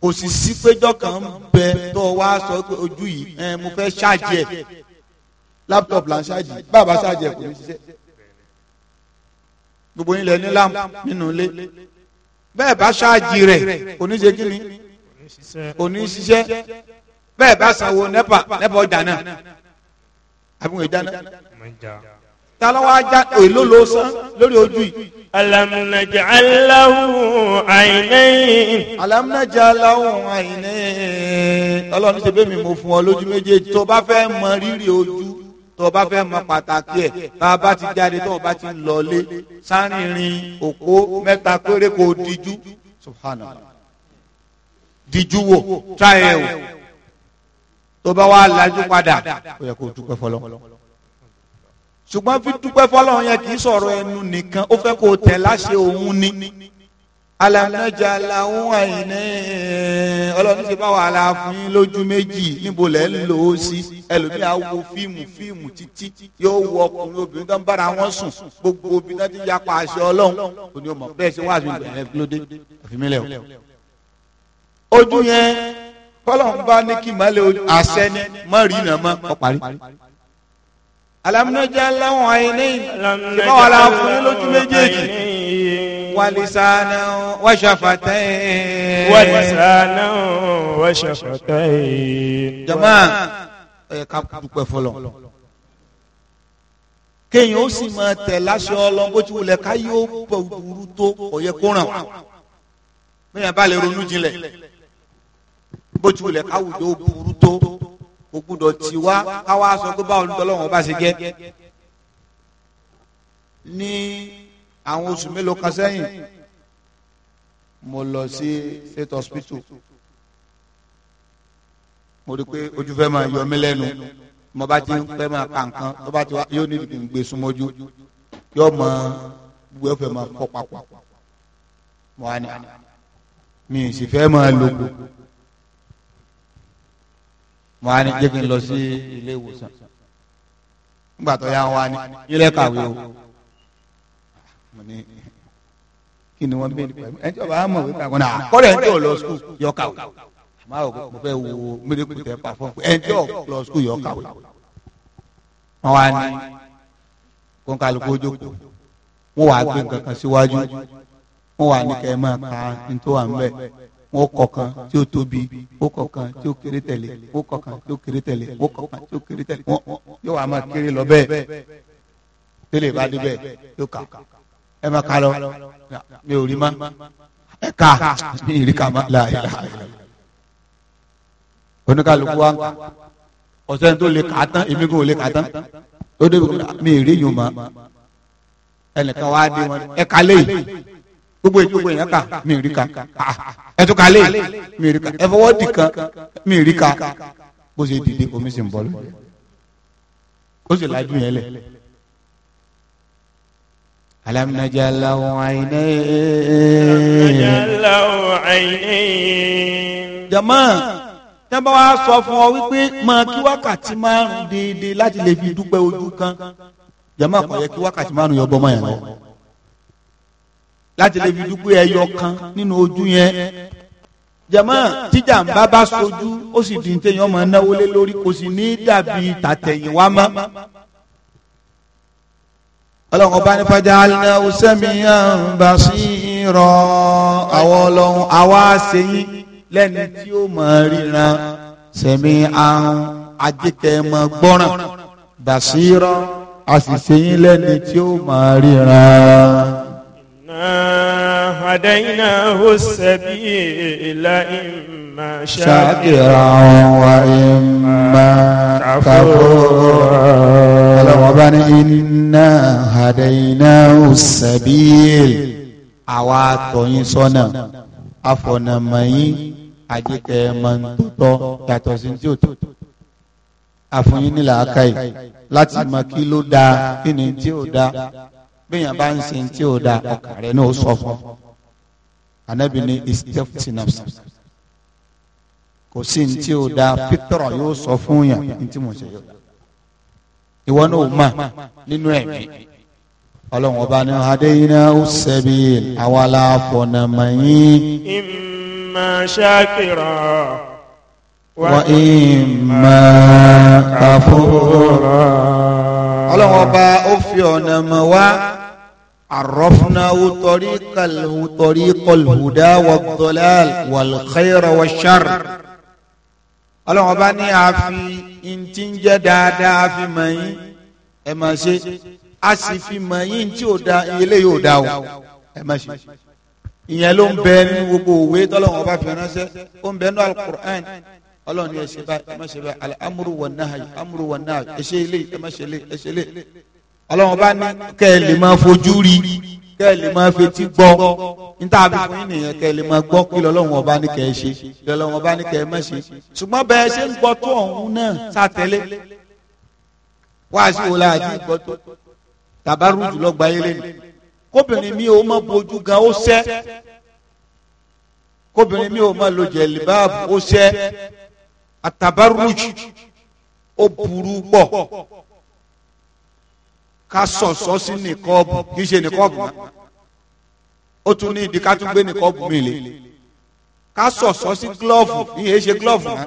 S1: kò sì sí péjọ kan bẹ tó wá sọ pé ojú yìí ẹ mo fẹ́ ṣáàjì ẹ̀ láptọ̀pù là ń ṣáàjì bàbá ṣáàjì ẹ̀ kò ní ṣiṣẹ́ gbogbo yín lẹ ní lam nínú ilé bẹ́ẹ̀ bá ṣáàjì rẹ̀ kò ní ṣe kí ni kò ní ṣiṣẹ́ bẹ́ẹ̀ bá sanwó nẹ́pà nẹ́pà ọ̀dà náà àbí wọ́n ìdáná talawa já èló ló san lórí ojú yìí. alamunaja alahu àìnẹ́yìn. alamunaja alahu àìnẹ́yìn. ọlọ́run ṣe bẹ́ẹ̀ mi mo fún ọ lójú méjèèjì tó bá fẹ́ mọ rírì ojú tó bá fẹ́ mọ pàtàkì ẹ̀ tá a bá ti jáde tó o bá ti lọlé sárinrin òpó mẹ́ta péré kò díjú díjú wò tráyẹ̀ wò tó bá wà lájú padà ó yẹ kó dúpẹ́ fọlọ́ ṣùgbọ́n fi dúpẹ́ fọlọ́run yẹn kì í sọ̀rọ̀ ẹnu nìkan ó fẹ́ kó o tẹ̀ láṣẹ òun ni alamaja làwọn àìní ọlọ́run ṣe bá wàhálà fún yín lójú méjì níbo lẹ́ ń lò ó sí ẹlòmíà wo fíìmù fíìmù títí yóò wọ ọkùnrin obìnrin tó ń bára wọn sùn gbogbo obìnrin tó ti yapa àṣẹ ọlọ́run kò ní o mọ̀ bẹ́ẹ̀ ṣe wá àbí ìbẹ̀rẹ̀ lóde òfìmílẹ̀ o. ojú yẹn kọ́lọ̀ bá ní kí màá lè àṣẹ ni mọ́ rí iná mọ́ ọ parí alamdulilayi lahun ayinayi ṣùgbọ́n wàhálà fún yín lójú méjèèjì walisana wàṣàfàtẹ́yìn. walisana
S2: wàṣàfàtẹ́yìn.
S1: jama ẹ ká dúpẹ́ fọlọ́ kéèyàn ó sì máa tẹ̀ láṣọ ọlọ́n bó ti wulẹ̀ ká yóò bọ̀ burú tó ọ̀yẹ́ kó ràn wá bẹ́ẹ̀ bá lè ronú jinlẹ̀ bó ti wulẹ̀ ká wùdó burú kò gbúdọ̀ tì wá káwá sọ pé báwo ni tọ́lọ́wọ́n bá ṣe jẹ́ ní àwọn oṣù mélòó kan sẹ́yìn mo lọ sí state hospital mo rí i pé ojú fẹ́ máa yọ mí lẹ́nu mo bá ti ń fẹ́ máa ka nǹkan tó bá ti wá yóò ní ìdìbò gbé e súnmọ́jú yóò mọ gbogbo ẹ̀fẹ̀ máa fọ́ papọ̀ mo wá ní ah, mi ì sì fẹ́ máa lògbò mo á ní jẹ́ kí n lọ sí ilé ìwòsàn nígbà tó yá wa ní ilé kàwé o mo ní kí ni wọ́n bí ẹni tí ọba á mọ̀ wípé àwọn náà ah, kọ́lẹ̀ ẹni tí ò lọ skul yọ kàwé àmọ́ àwọn mo fẹ́ wo mílíkù tẹ pàfọ́n ẹni tí ò lọ skul yọ kàwé wọn wá ní kó n kálukú ojú kù
S2: gbé nǹkan síwájú
S1: wọn wá ní kẹ́ ẹ máa ka ní ń bẹ́ẹ̀ wọn kọ̀kan tí ó tóbi wọn kọ̀kan tí ó kéré tẹ̀lé wọn kọ̀kan tí ó kéré tẹ̀lé wọn kọ̀kan tí ó kéré tẹ̀lé wọn yóò wá máa kéré lọ bẹ́ẹ̀ tẹ́lẹ̀ bá dé bẹ́ẹ̀ yóò kà ẹ máa kà lọ mi ò rí ma ẹ kà ní ìríkà má la ìlà oníkàlùkù wa ń kà ọ̀sẹ̀ tó lè kà á tán èmi kò lè kà á tán ó débi mi ì rí yùn ma ẹnìkan wá dé wọn ẹ kà léyìí gbogbo ìjókòó yẹn kà mí rí ka
S2: ẹtùkà lé mí rí ka
S1: ẹfọwọ́dì kan mí rí ka bó ṣe dìde omi sì ń bọ́ lórí ó sì lajú yẹn lẹ̀. alam najalahu aynayn.
S2: najalahu
S1: aynayn. jama tẹ́bọ̀ wa sọ fún ọ wípé máa kí wákàtí márùn-ún déédéé láti lè fi dúpẹ́ ojú kan jama kò yẹ kí wákàtí márùn-ún yọ bọ́ mọ́ yẹn lọ láti lè fi dúpẹ́ ẹyọ kan nínú ojú yẹn jẹmọ tíjàmbá bá sojú ó sì di téèyàn máa náwó lé lórí kò sì ní dàbí tàtẹ̀yìnwá mọ́ ọlọ́run ọba ní fàjà alẹ́ ọ̀sẹ́mi àǹbá sí irọ́ àwọn ọlọ́run àwa ṣèyí lẹ́ni tí ó mọ̀ ríran sẹ̀mí àrùn ajẹ́tẹ̀mọ̀ gbọ́ràn bàṣírọ́ àṣìṣeyín lẹ́ni tí ó mọ̀ ríran.
S2: وهديناه السبيل إما شاكرا وإما
S1: كفورا ربنا إنا هديناه السبيل àwa àtọ̀yìn sọ́nà afọ̀nàmọ̀yìn àjẹkẹ̀mọ̀ntòtọ́ yàtọ̀ sí tí ò tó àfọyín nílà akáyì láti mọ kí ló dáa kí ni tí ò dáa bẹ́ẹ̀ yẹn bá ń sin tí ò dáa ọkà rẹ̀ náà ó sọ fún un anabi ni istafti kò sí ní o da pétérò yóò sọ fún yàn ní mo ṣe yọ ìwọ náà o mà nínú ẹ̀mí ọlọ́run ọba ní adéyiná ó sẹ́bi àwa la fọ̀nàmọ́ yín.
S2: imma shakira
S1: wa imma
S2: kafura. ọlọ́run ọba
S1: ó fi ọ̀nà mọ̀ wá. عرفناه طريق طريق الهدى والضلال والخير والشر ọlọ́run ọba عفي àfi تنجا ń في dáadáa fi mọ̀ yín ẹ má ṣe a sì fi mọ̀ yín tí ò da eléyìí ò da o ẹ má ṣe ìyẹn ló ń bẹ nínú gbogbo òwe tọ́lọ́run ọba fi ránṣẹ́ ó ń bẹ nínú alukur'an ọlọ́run ní ẹ ṣe báyìí ẹ má ṣe báyìí alamuru wa nahayi amuru wa nahayi ẹ ṣe eléyìí ẹ má ṣe eléyìí ẹ ṣe eléyìí ọlọ́run bá ní kẹ́ ẹ lè máa fojú rí kẹ́ ẹ lè máa fetí gbọ́ níta àbíkún ènìyàn kẹ́ ẹ lè máa gbọ́ kí lọ́lọ́run ọba ní kẹ́ ẹ ṣe kí lọ́lọ́run ọba ní kẹ́ ẹ má ṣe ṣùgbọ́n bẹ́ẹ̀ ṣe ń gbọ́ tó ọ̀hún náà sátẹ́lẹ̀ wáàsí wo la àti gbọ́ tó tàbárù jùlọ gbayé lẹ́nu kóbìnrin mi ò mọ bojú gan ó sẹ́ kóbìnrin mi ò mọ lo jẹ̀lìbáàbù ó sẹ́ àtàbárù ó burú pọ̀ ká sọ̀sọ́ sí nìkọ́ọ̀bù kì í ṣe nìkọ́ọ̀bù náà ó tún ní ìdí ká tún gbé nìkọ́ọ̀bù mi lé ká sọ̀sọ́ sí glọ́ọ̀fù ìyẹn ṣe glọ́ọ̀fù náà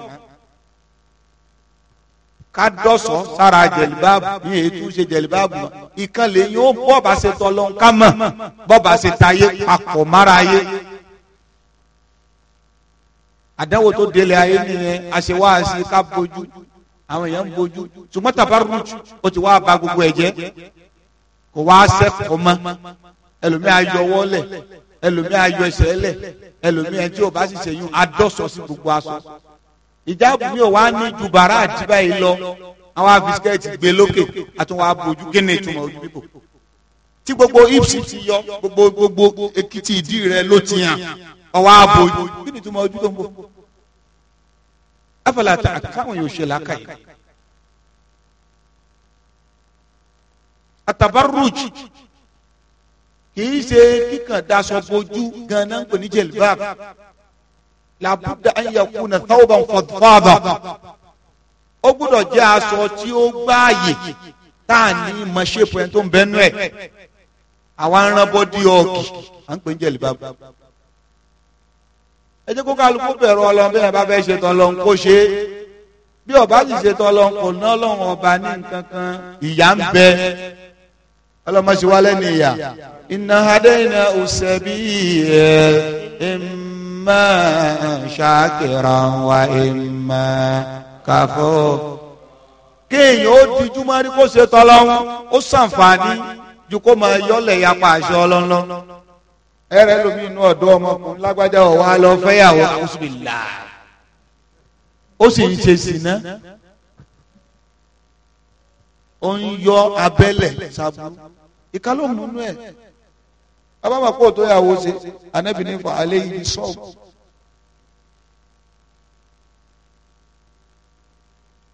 S1: ká dọ̀sọ́ sára jẹ̀líbáàbù ìyẹn tún ṣe jẹ̀líbáàbù náà ìkan lè yín ó bọ́ọ̀bà ṣe tọ́lọ́ ká mọ̀ bọ́ọ̀bà ṣe tayé papọ̀ mára ayé àdánwò tó délé ayé nìyẹn àṣewáṣe ká bójú àwọn èèyàn ń bójú ṣùgbọ́n tàbárùjù ó ti wá ba gbogbo ẹ̀ jẹ́ kò wá sẹ́kọ̀ọ́ mọ́ ẹlòmíì ayọ ọwọ́ lẹ̀ ẹlòmíì ayọ ẹsẹ̀ lẹ̀ ẹlòmíì ẹni tí o bá sì ṣèyún adọ́sọ sí gbogbo aṣọ ìjáàbù mi ò wá ní ju bàrà àdìbà yìí lọ àwọn abisikẹ́ẹ̀tì gbé lókè àtúnwò abojú kéne ìtumọ̀ ojú bíbò tí gbogbo ipsi ti yọ gbogbo gbogbo èkìtì ìdí rẹ ló ti hàn ọwọ́ abojú kí ni ìtumọ̀ ojú tó ń bọ̀ afẹ́lẹ́ àtàkùn káwọn yóò ṣe làákàyè. atabaruj kìí ṣe kíkàn daṣọ bojú ganan kò ní jelibab làbúdà ayakuna thawban fadfada o gbúdọ̀ jẹ́ aṣọ tí ó gbáàyè tá a ní mọ ṣépù ẹni tó ń bẹnu ẹ̀ àwa ń rán bọ́dí ọ̀gì à ń pè ń jelibab ẹ jẹ́ kó kálukú bẹ̀rù ọlọ́run bí ẹ bá fẹ́ ṣe tán lọ́n kó ṣe é bí ọba sì ṣe tán lọ́n kò ná lọ́run ọba ní nǹkan kan ìyá ń bẹ ọlọmọṣiwálẹ nìyà iná adéyìnà òṣèbí ẹ ẹmọ ṣàkìrà wà ẹmọ káfọ. kéèyàn ó dijú máa rí kó ṣe tọ́lọ́wọ́n ó ṣàǹfààní ju kó máa yọlẹ̀ yapa àṣẹ ọlọ́lọ́ ẹrẹ lomi inú ọ̀dọ́ ọmọkùnrin lágbájá ọwọ alọ fẹ́yàwó àwùsùbìlà ó sì ń ṣe sìnà ó ń yọ abẹ́lẹ̀ sábú ìka ló mú nú ẹ̀ abáwá pọ̀ tó yà wó ṣe anabi ní fa alẹ́ yìí sọ́ọ̀bù.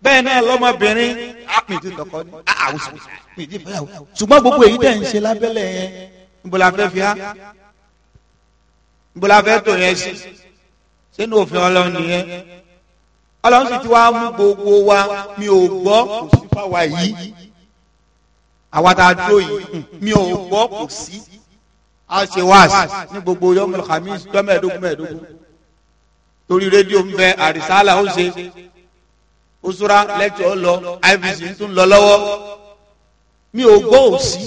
S1: bẹ́ẹ̀ náà lọ́mọbìnrin apìtì tọkọ ni àwòsàn pìtì fẹ́yàwó ṣùgbọ́n gbogbo èyí tẹ̀ ń ṣe lábẹ́lẹ̀ yẹn nbola fẹ́ fi á nbola fẹ́ tó yẹn sí sínú òfin ọlọ́run nìyẹn ọlọ́run sì ti wá mú gbogbo wa mi ò gbọ́ kò sí fáwa yìí àwàdà àdúró yìí mi ò gbọ́ kò sí a ṣe wáàsì ní gbogbo yọmọ khamis dọ́mẹ̀ẹ́dógún mẹ́ẹ̀ẹ́dógún torí rédíò ń bẹ àrísálà ó ṣe òṣùra lẹ́tọ̀ ọ lọ ivc ń tún lọ lọ́wọ́ mi ò gbọ́ òsì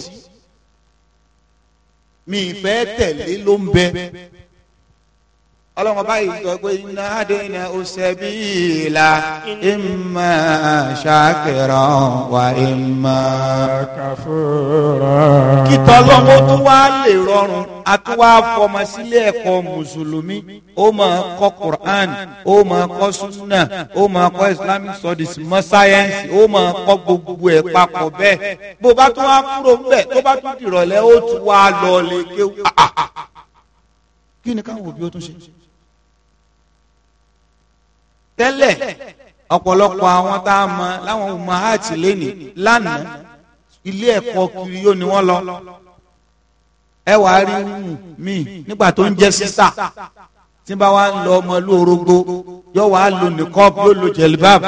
S1: mi ìfẹ́ tẹ̀lé ló ń bẹ ọlọ́run báyìí sọ pé iná àdéhìnà òṣèbíìlà ìmọ̀ ṣàkìrọ̀ wà ìmọ̀ kàfúrọ̀. kìtọ́ lọ́wọ́ tó wá lè rọrùn a tó wá fọmọ sílé ẹ̀kọ́ mùsùlùmí ó máa kọ́ Quran ó máa kọ́ sunna ó máa kọ́ Islamic studies mọ́ sáyẹ́nsì ó máa kọ́ gbogbo ẹ̀ papọ̀ bẹ́ẹ̀ bó bá tó wá kúrò ń tó bá tó dìrọ̀lẹ́ ó tún wá lọ lè kéwù. Ah, ah, ah, kí ni káwọn òbí ó tún ṣe tẹ́lẹ̀ ọ̀pọ̀lọpọ̀ àwọn tá a mọ láwọn umahati lẹ́nìí lánàá ilé ẹ̀kọ́ kiri yóò ni wọ́n lọ ẹ wà á rí wù mí nígbà tó ń jẹ́ sísà tí bá wa ń lọ ọmọ lóorogbo yóò wá lo nìkọ́p yóò lo jẹ̀lìbáb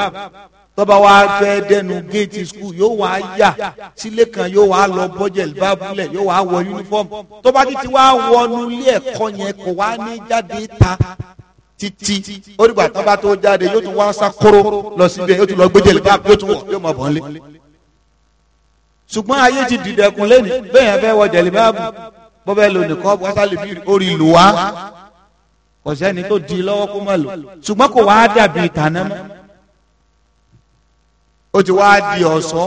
S1: tó bá wa fẹ́ dẹnu géètì skul yóò wá yà sílé kan yóò wá lọ bọ́ jẹ̀lìbáb lẹ̀ yóò wá wọ yunifọ́m tó bá ti ti wá wọnú ilé ẹ̀kọ́ yẹn kò wá ní jáde ta Titi, orígbà tó bá tó jáde yóò tún wá sákóró lọ síbi yóò tún lọ gbẹjẹlẹ ká yóò tún wọ yóò mọ bọ́ńlé. ṣùgbọ́n ayé ti dìdẹ̀kùn lẹ́nu bẹ́ẹ̀ yẹn fẹ́ wọ jẹ̀lẹ́bàbù bó bẹ́ẹ̀ lò nìkan wọ́sálì bí orí lù wá ọ̀sẹ́ni tó di lọ́wọ́ kó má lò ṣùgbọ́n kò wá dàbí ìtànà mọ́ ó ti wá di ọ̀ṣọ́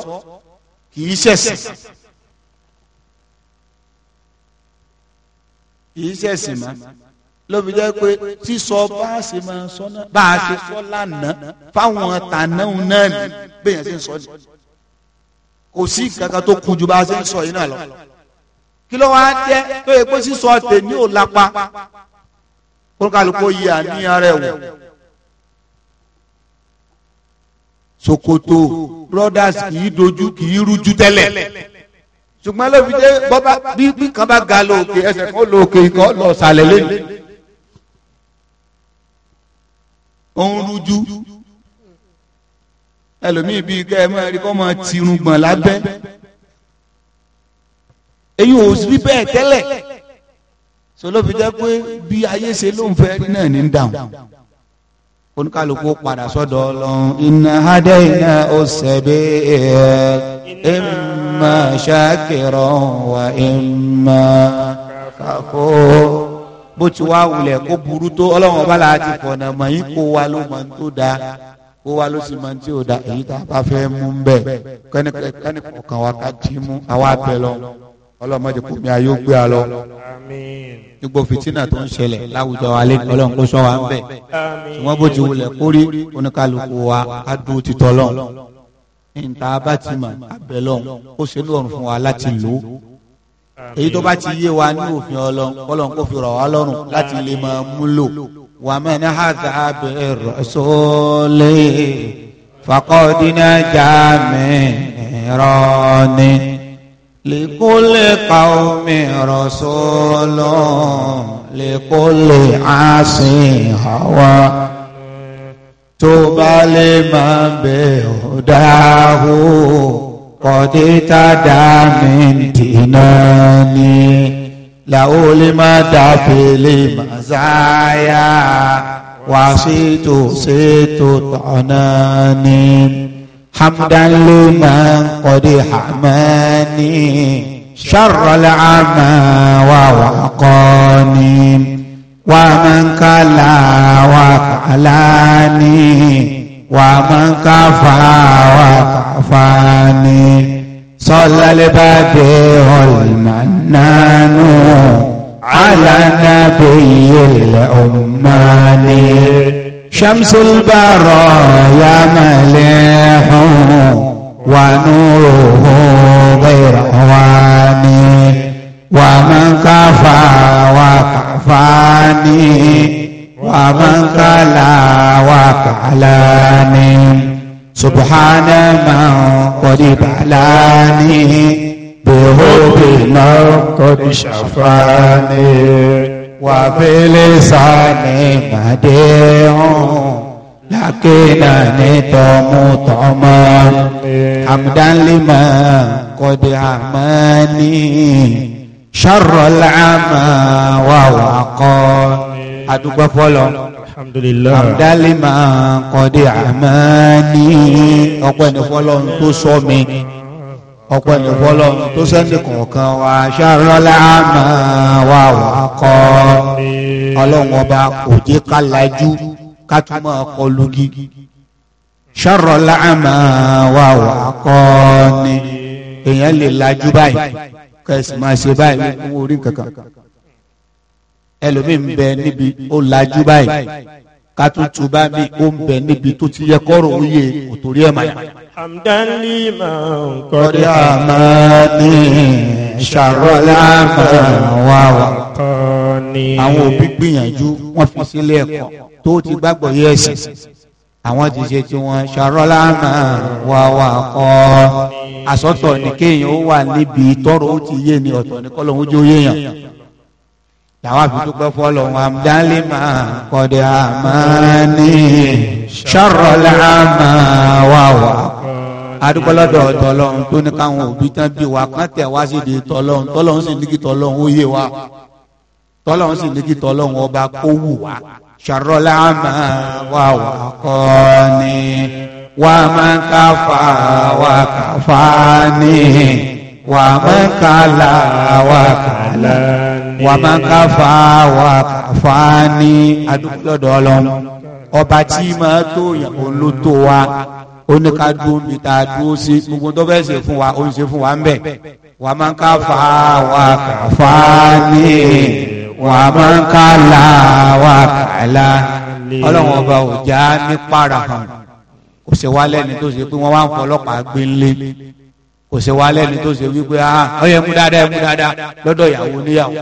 S1: kì í ṣẹ̀sìn kì í ṣẹ̀sìn mọ́ ló fi jẹ́ pé sísọ bá a ṣe máa sọ náà bá a ṣe sọ lánàá fáwọn tànáhùn náà ní bẹ́ẹ̀ ṣe ń sọ ni kò sí kankan tó kun ju bá a ṣe ń sọ yìí náà lọ kí ló wáá jẹ́ tó yẹ pé sísọ tèmi ò lapa kólókàlùkò yìí àníyàn rẹ̀ wò Sokoto brothers kì í dojú kì í rújú tẹ́lẹ̀ ṣùgbọ́n ló fi jẹ́ bọ́bá bí kan bá ga lóòkè ẹsẹ̀ kan lóòkè kan lọ sàlẹ̀ ń rújú ẹlòmíì bíi kẹ ẹ máa rí kọ́ máa tirun gbọ̀n lábẹ́ eyín ò rí bẹ́ẹ̀ tẹ́lẹ̀ solóbi jẹ́ pé bí ayé ṣe ló fẹ́ rí náà ní dáhùn oníkàlùkù padà sọ́dọ̀ ọlọ́run inna hadaina as-sabil imma shakiran wa imma kafur bó ti wá wulẹ̀ kó burú tó ọlọ́run ọba láti fọ̀nà mọ̀ yín kó wa ló mọ̀ tó dáa kó wa ló sì mọ̀ tí ò dáa èyí tá a bá fẹ́ mú bẹ́ẹ̀ kẹ́ni kọ̀ọ̀kan wa ká jí mú àwa bẹ̀ lọ ọlọ́mọdé kò mí ayé ó gbé a lọ. gbogbo fìtínà tó ń ṣẹlẹ̀ láwùjọ alẹ́ ọlọ́run kó sọ wa ń bẹ̀.
S2: ṣùgbọ́n bó ti wulẹ̀ kórí
S1: oníkálukú wa á dúró ti tọ́lọ́ níta bá ti mọ̀ abẹ́ lọ́hùn èyí tó bá ti yé wa ní òfin Ọlọ́run Ọlọ́run kò fi rọ̀ wá lọ́rùn láti lè máa mú lò wà mí ní hàzà bẹ́ẹ̀ rọ̀ṣọ́lẹ̀ fàkọ́dínà jàmí ìrọ̀ni lèkólè kàómi rọ̀ṣọ́lọ́ lèkólè àṣìn àwa tó bá lè máa bẹ̀ ọ̀dáhùn. قد اهتدى من كناني له لمدى في المزايا وعصيت صيت طعناني حمدا لمن قد حماني شر العمى ووقاني ومن كلا وفعلاني ومن كفى العفان صلى البديع المنان على نبي الأمان شمس البرايا مليح ونوره غير عواني ومن كفى وكفاني ومن كلا وكلاني سبحان من قد بلاني بهب من قد شفاني وبلساني مديع لكنني طمطما حمدا لما قد عماني شر العمى ووقاني adúgbò fọlọ
S2: alhamdulillah amdalima
S1: kọ́dé àmàní ọpẹ́ ní fọlọ tó sọ mi ọpẹ́ ní fọlọ tó sẹ́ni kọ̀ọ̀kan wà sàrọ́lá àmà wà wà kọ́ ọlọ́run ọba kò jẹ́ ká lajú ká tún máa kọ lugi sàrọ́lá àmà wà wà kọ́ ni èèyàn lè lajú báyìí kẹsì máa ṣe báyìí kó orí kankan ẹlòmíì ń bẹ níbi ó lajú báyìí katutu bá mi ó ń bẹ níbi tó ti yẹ kọ́rọ̀ òye òtòrí ẹ̀ mà yà.
S2: amdani ma n
S1: kọ́rí amadi ṣàròlá ma wà wà. àwọn òbí gbìyànjú wọn fi sílé ẹ̀kọ́ tó ti gbàgbọ́ yẹ ẹ̀sìn àwọn ti ṣe tí wọn ṣàròlá ma wà wà kọ àsọtọ ní kéèyàn ó wà níbi tọrọ ó ti yé ni ọ̀tọ̀ ní kọlọ ó jó yéèyàn làwọn àfijúpẹ́ fọlọ́ wọn amdálé máa kọ́dé àmàní sọ̀rọ̀lá máa wà wà. adúgbòlọ́dọ̀ tọ́lọ́hún tó ní káwọn òbí tán bí wa kán tẹ̀ wá sí di tọ́lọ́hún tọ́lọ́hún sì ní kí tọ́lọ́hún ó yé wa tọ́lọ́hún sì ní kí ọba kó wù wá sọ̀rọ̀lá máa kọ́ ni wà máa káfà wà káfà ni wà máa kàlà wà kàlà wà máa ń ká fa wà fa ní adúgbòdò ọlọ́run ọba tí máa tó yàn òun ló tó wa ó ní ká dúró mi ta dúró sí gbogbo tó fẹ́ ṣe fún wa ó ń ṣe fún wa ń bẹ̀ wà máa wà fa ní wà máa wà kàlà ọlọ́run ọba ò já ní para hàn kò ṣe wá lẹ́ni tó ṣe pé wọ́n wá ń fọlọ́pàá gbé ńlé kò ṣe wá lẹ́ni tó ṣe wípé ah ọyẹ mú dáadáa mú dáadáa lọ́dọ̀ ìyàwó níyàwó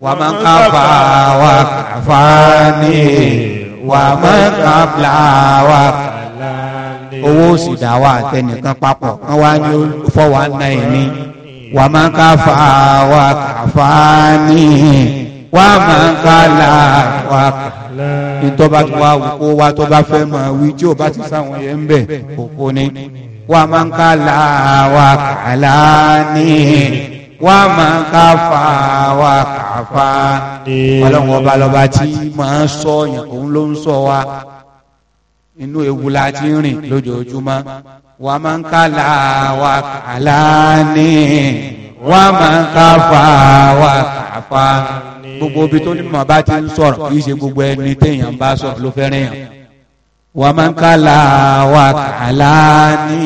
S1: ومن قفا
S2: وقفاني ومن قبلا وقلاني owó sì dá wa
S1: àtẹnìkan papọ̀ kan wá ní four one nine ní ومن قفا وقفاني ومن قلا وقلاني tó wá wò kó wá tó fẹ́ mọ̀ wí tí ò bá ti sáwọn yẹn ń bẹ̀ kókó ni ومن قلا وقلاني ومن قفا وقلاني àfa ọlọ́run ọba lọ́ba tí máa ń sọ yàn òun ló ń sọ wa inú ewu la ti ń rìn lójoojúmọ́ wa máa ń kálá wa kàlá ní wa máa ń káfa wa kàfa gbogbo ibi tó ní mọ̀ bá ti ń sọ̀rọ̀ kì í ṣe gbogbo ẹni téèyàn bá sọ̀rọ̀ ló fẹ́ràn yàn wa máa ń kálá wa kàlá ní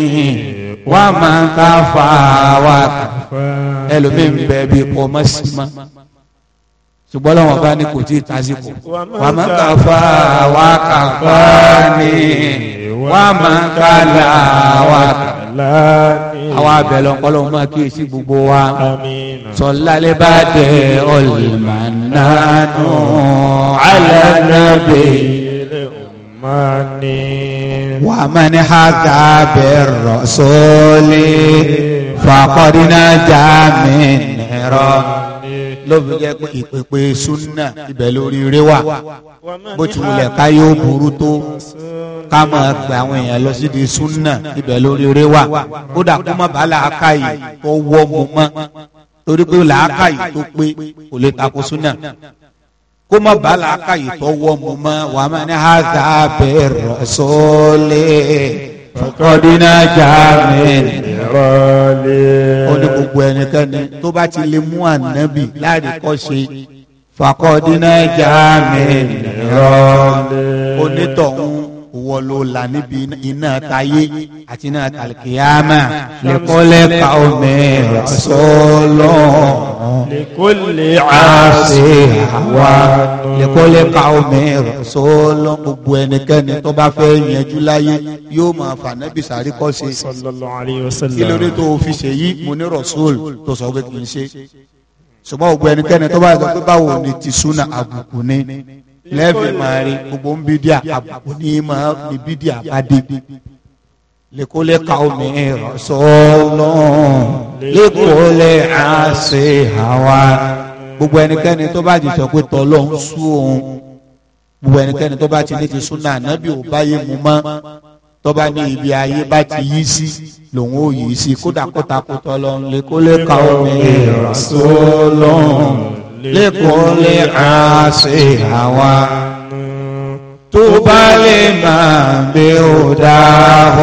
S2: wa máa ń káfa wa kàfa ẹlòmíín bẹ́ẹ̀ bí pọ̀ mọ́ sí ma
S1: ṣùgbọ́n lọ́wọ́n bá ní kò tí ì tásìkò
S2: wà má kà fà wà kà fà ní wà má kà là wà
S1: kà là àwọn abẹ̀lẹ̀ ọ̀pọ̀lọ̀ máa kí gbogbo wa sọ̀lálẹ́ bá dẹ̀ ọ̀lùmọ̀nánú alẹ́nàbẹ̀ wà má ní hàdà bẹ̀rọ̀
S2: sólé fàkọ́dínà jáàmì nìrọ̀
S1: lóbi jẹ́ pé ìpèpè súnà ibẹ̀ lórí rẹ wà bó ti wulẹ̀ ká yóò burú tó ká máa gba àwọn èèyàn lọ sí di súnà ibẹ̀ lórí rẹ wà kódà kó má bàa làákà yìí kó wọ́ mu mọ́ torí pé làákà yìí tó pé kò lè takò súnà kó má bàa làákà yìí tó wọ́ mu mọ́ wàá máa ní hàzà bẹ̀rẹ̀ sọ́ọ́lẹ̀ fọkọ́dínà jáàmẹ́ni rọ́ọ̀lẹ́. ó ní gbogbo ẹnikẹ́ni tó bá ti lè mú ànábì láàrínkọ́ṣe fàkọ́dínà jáàmì rọ́ọ̀lẹ́. onítọ̀hún wọ́n ló la níbi iná tayé àti iná kàlùkìyàmà lẹ́kọ́lẹ́ ka omi sọ́lọ́ lẹ́kọ́lẹ́ àṣẹ àwa lẹ́kọ́lẹ́ ka omi sọ́lọ́ gbogbo ẹnikẹ́ni tó bá fẹ́ yẹjú láyé yóò máa fà nẹ́bí sàrí kọ́ ṣe kí lóde tó fi ṣe yí mo ní rọ̀ṣọ́ọ̀lù tó sọ pé kì í ṣe ṣùgbọ́n gbogbo ẹnikẹ́ni tó bá yẹ kó báwo ni tìṣúná àbùkù ni lẹ́ẹ̀fì máa rí gbogbo ń bí díà àbùkù ní máa ní bí díà bá dé lekole kawmi rọsọlọ lekole ase hawa gbogbo ẹnikẹ́ni tó bá ti sọ pé tọlọ ń sú òun gbogbo ẹnikẹ́ni tó bá ti ní ti súnà ànábì ò báyé mu mọ́ tó bá ní ibi ayé bá ti yí sí lòun ò yí sí kódà kótakó tọlọ lekole kawmi rọsọlọ. لكل عاصي هوى طوبى لمن بهداه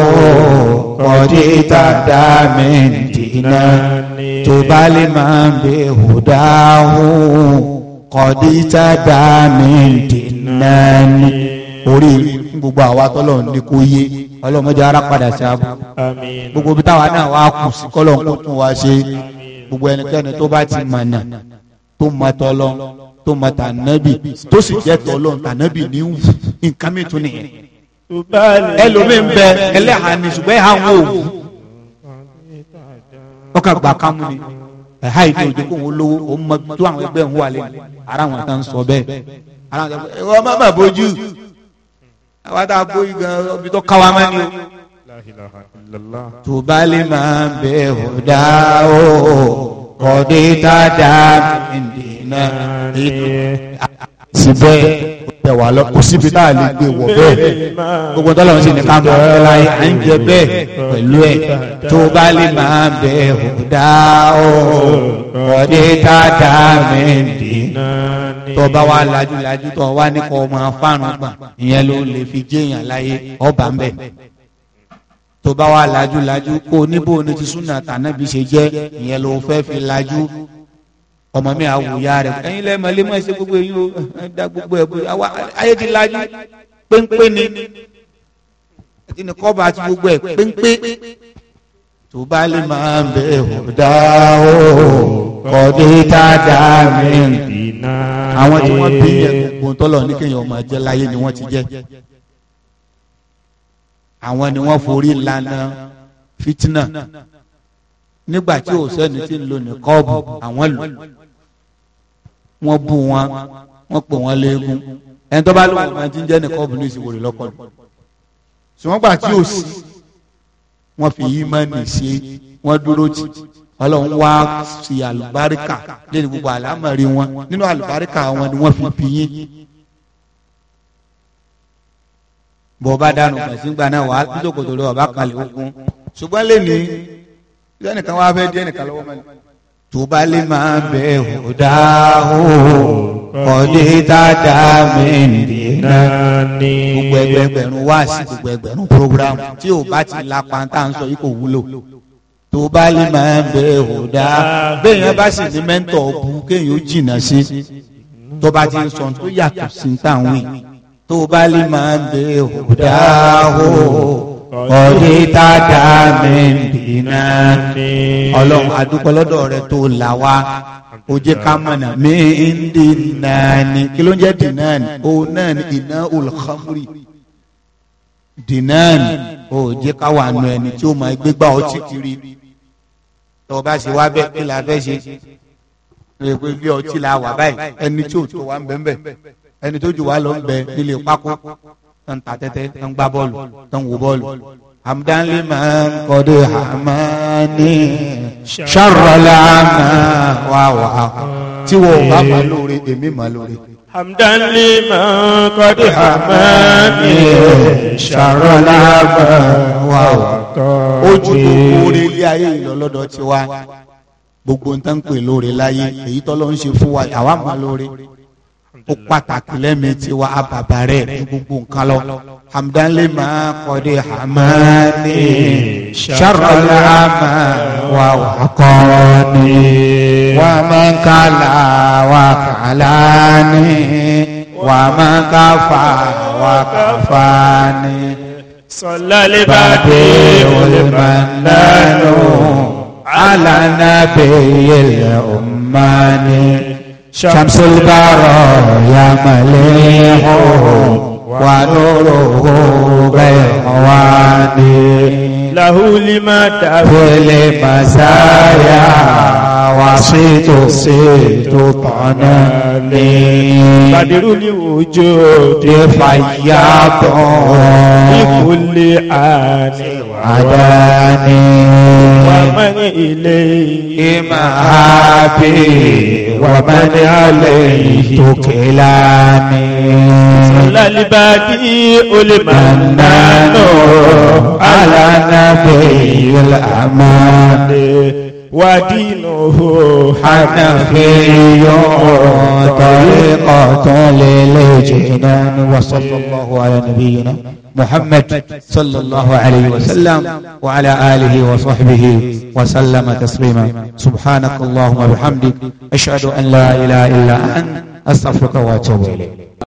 S1: قد اهتدى من دينا طوبى لمن بهداه قد اهتدى من دينا orí gbogbo àwa tọ́lọ̀ ní kó yé ọlọ́mọdé ara padà sí abú gbogbo bí táwa náà wá kù sí kọ́lọ̀ ń kó tún wá ṣe gbogbo ẹnikẹ́ni tó bá ti mọ̀nà tó mọ tọlọ tó mọ tànàbì tó sì jẹ tọlọ tànàbì ní wù nǹkan mi tún nìyẹn ẹlòmíín bẹ ẹlẹ́hàá ni ṣùgbọ́n ẹ̀hà ń wò wù ọkà gbà kámú ni ẹ̀hà ìdí òjò kò wọ́n lówó ó mọ tó àwọn ẹgbẹ́ ń wà lẹ́nu ara wọn tán sọ bẹ́ẹ̀ ara wọn tán sọ bẹ́ẹ̀ ọmọ bàbá ojú àwọn àti àbó igan ibi tó káwa máa ní
S2: o.
S1: tùbálẹ̀ máa ń bẹ̀ ọ̀dà o kọ̀dé dáadáa ìdènà síbẹ̀ ọ̀dẹ̀ wà lọ kò síbi tá a lè gbé wọ̀ bẹ́ẹ̀ gbogbo tọ́lọ̀ ń sì ní ká mọ̀ ọ́ láyé à ń jẹ bẹ́ẹ̀ pẹ̀lú ẹ̀ tó bá lè máa bẹ̀ ọ́ dá ọ́ kọ̀dé dáadáa mẹ́ndé
S2: tó bá wà lájúlájú
S1: tó wà ní kọ́ ọmọ afárùn gbà
S2: ìyẹn ló lè fi jẹ́yàn láyé ọba ń bẹ̀
S1: tó bá wà lajú lajú kó o níbo ni ti súnà tànàbí ṣe jẹ́ ìyẹn ló fẹ́ fi lajú ọmọ mi àwùyá rẹ ẹyin lẹ́ẹ̀ mọ̀lẹ́ mọ̀ ṣe gbogbo eyín o da gbogbo ẹ̀ bóyá wa ayé ti lajú péńpé ni àti ní kọ́ba àti gbogbo ẹ̀ péńpé tó bá lè máa ń bẹ
S2: ọ̀dà o kọ́dé dáadáa mi. àwọn tí wọ́n bí yẹn gbogbo tọ́lọ̀ ní kéèyàn ọmọ ẹ̀jẹ̀ láyé ni wọ́n ti jẹ́
S1: àwọn ni wọ́n forí lana fitina nígbà tí òsèǹdì ti ń lo nìkọ́ọ̀bù àwọn lò wọ́n bú wọn wọ́n pè wọ́n léegun
S2: ẹni tó bá lóun ọmọ ẹni
S1: tí ń jẹ́ nìkọ́ọ̀bù ní ìsìnkú rẹ̀ lọ́kọ̀ọ́dù ṣùgbọ́n gbà tí ò sí wọ́n fi yí mọ́ni ṣe wọ́n dúró tì ọlọ́run wá sí àlùbáríkà lẹ́nu gbogbo àlámọ̀rí wọn nínú àlùbáríkà wọn ni wọ́n fi bí yín bọ́ ọba dànù pàṣípà náà wàá níjókòtò lọ ọba kalẹ̀ okun ṣùgbọ́n lẹ́ni ẹnìkan wàá fẹ́ díẹ̀ nìkan lọ́wọ́ mẹ́rin. tó bá lè máa bẹ ọ̀dà o ọ̀dẹ tàdá mẹ́rìndínlá ní. gbogbo ẹgbẹgbẹ̀rún wá sí gbogbo ẹgbẹ̀rún programu tí ò bá ti lapa tá à ń sọ yìí kò wúlò tó bá lè máa bẹ ọ̀dà béèyàn bá sì ní mẹ́ńtọ̀ ọ̀bù kéèyàn jìnnà sí tó bá ti ń sọ tó yàtọ̀ sí táwọn èèyàn tó bá lè máa gbé òdáhó ọdí tàdá mẹ́ndínà ọlọ́run àdúpọ̀ lọ́dọ̀ rẹ tó là wá ó jẹ́ ká mọ̀nà mẹ́ndínà ni kí ló ń jẹ́ dínà ni òun náà ni iná olùkọ́mùrì dínà ni ó ká wà nù ẹni tí ó máa gbégbá ọtí kiri tó bá ṣe wá bẹ́ẹ̀ kí la fẹ́ ṣe pé ilé ọtí la wà báyìí ẹni tí ò tó wà ń bẹ́ẹ̀ bẹ́ẹ̀ ẹni tó jù wá lọ ń bẹ nílé pákó tó ń ta tẹ́tẹ́ tó ń gbá bọ́ọ̀lù tó ń wo bọ́ọ̀lù. hamdan liman qad hamani sharrala ana wa wa tí wọn ò bá ma
S2: lóore èmi ma lóore. hamdan liman qad hamani sharrala ana wa wa. ó jù tó kóore
S1: ilé ayé ìlọlọ́dọ̀ tiwa gbogbo nǹkan lóore láyé èyí tọ́lọ́ ń ṣe fún wa àwa ma lóore ó pàtàkì lẹ́mìí tí wà á bàbá rẹ̀ ju gbogbo nǹkan lọ. hamdanle máa kọ́dé hamani sharala ama wa wakọ́ni wa mankala wa kalani wa mankafa wa kafani. sọlálẹ́ bàdé olùmọ̀ndánù alànàbẹ̀yẹlẹ̀ ọ̀mánì.
S2: شمس البراء يا مليح ونوره بين واني له لما تأويل مسايا وعصيت سيت طعنا لي بدر الوجود فياض بكل آن وعداني ومن إليه مهابي ومن عليه تكلاني صلى البديع المنان على نبي الأمان ودينه حنفي طريقة للجنان وصلى الله
S1: على نبينا محمد صلى الله عليه وسلم وعلى آله وصحبه وسلم تسليما سبحانك اللهم وبحمدك أشهد أن لا إله إلا أنت أستغفرك وأتوب إليك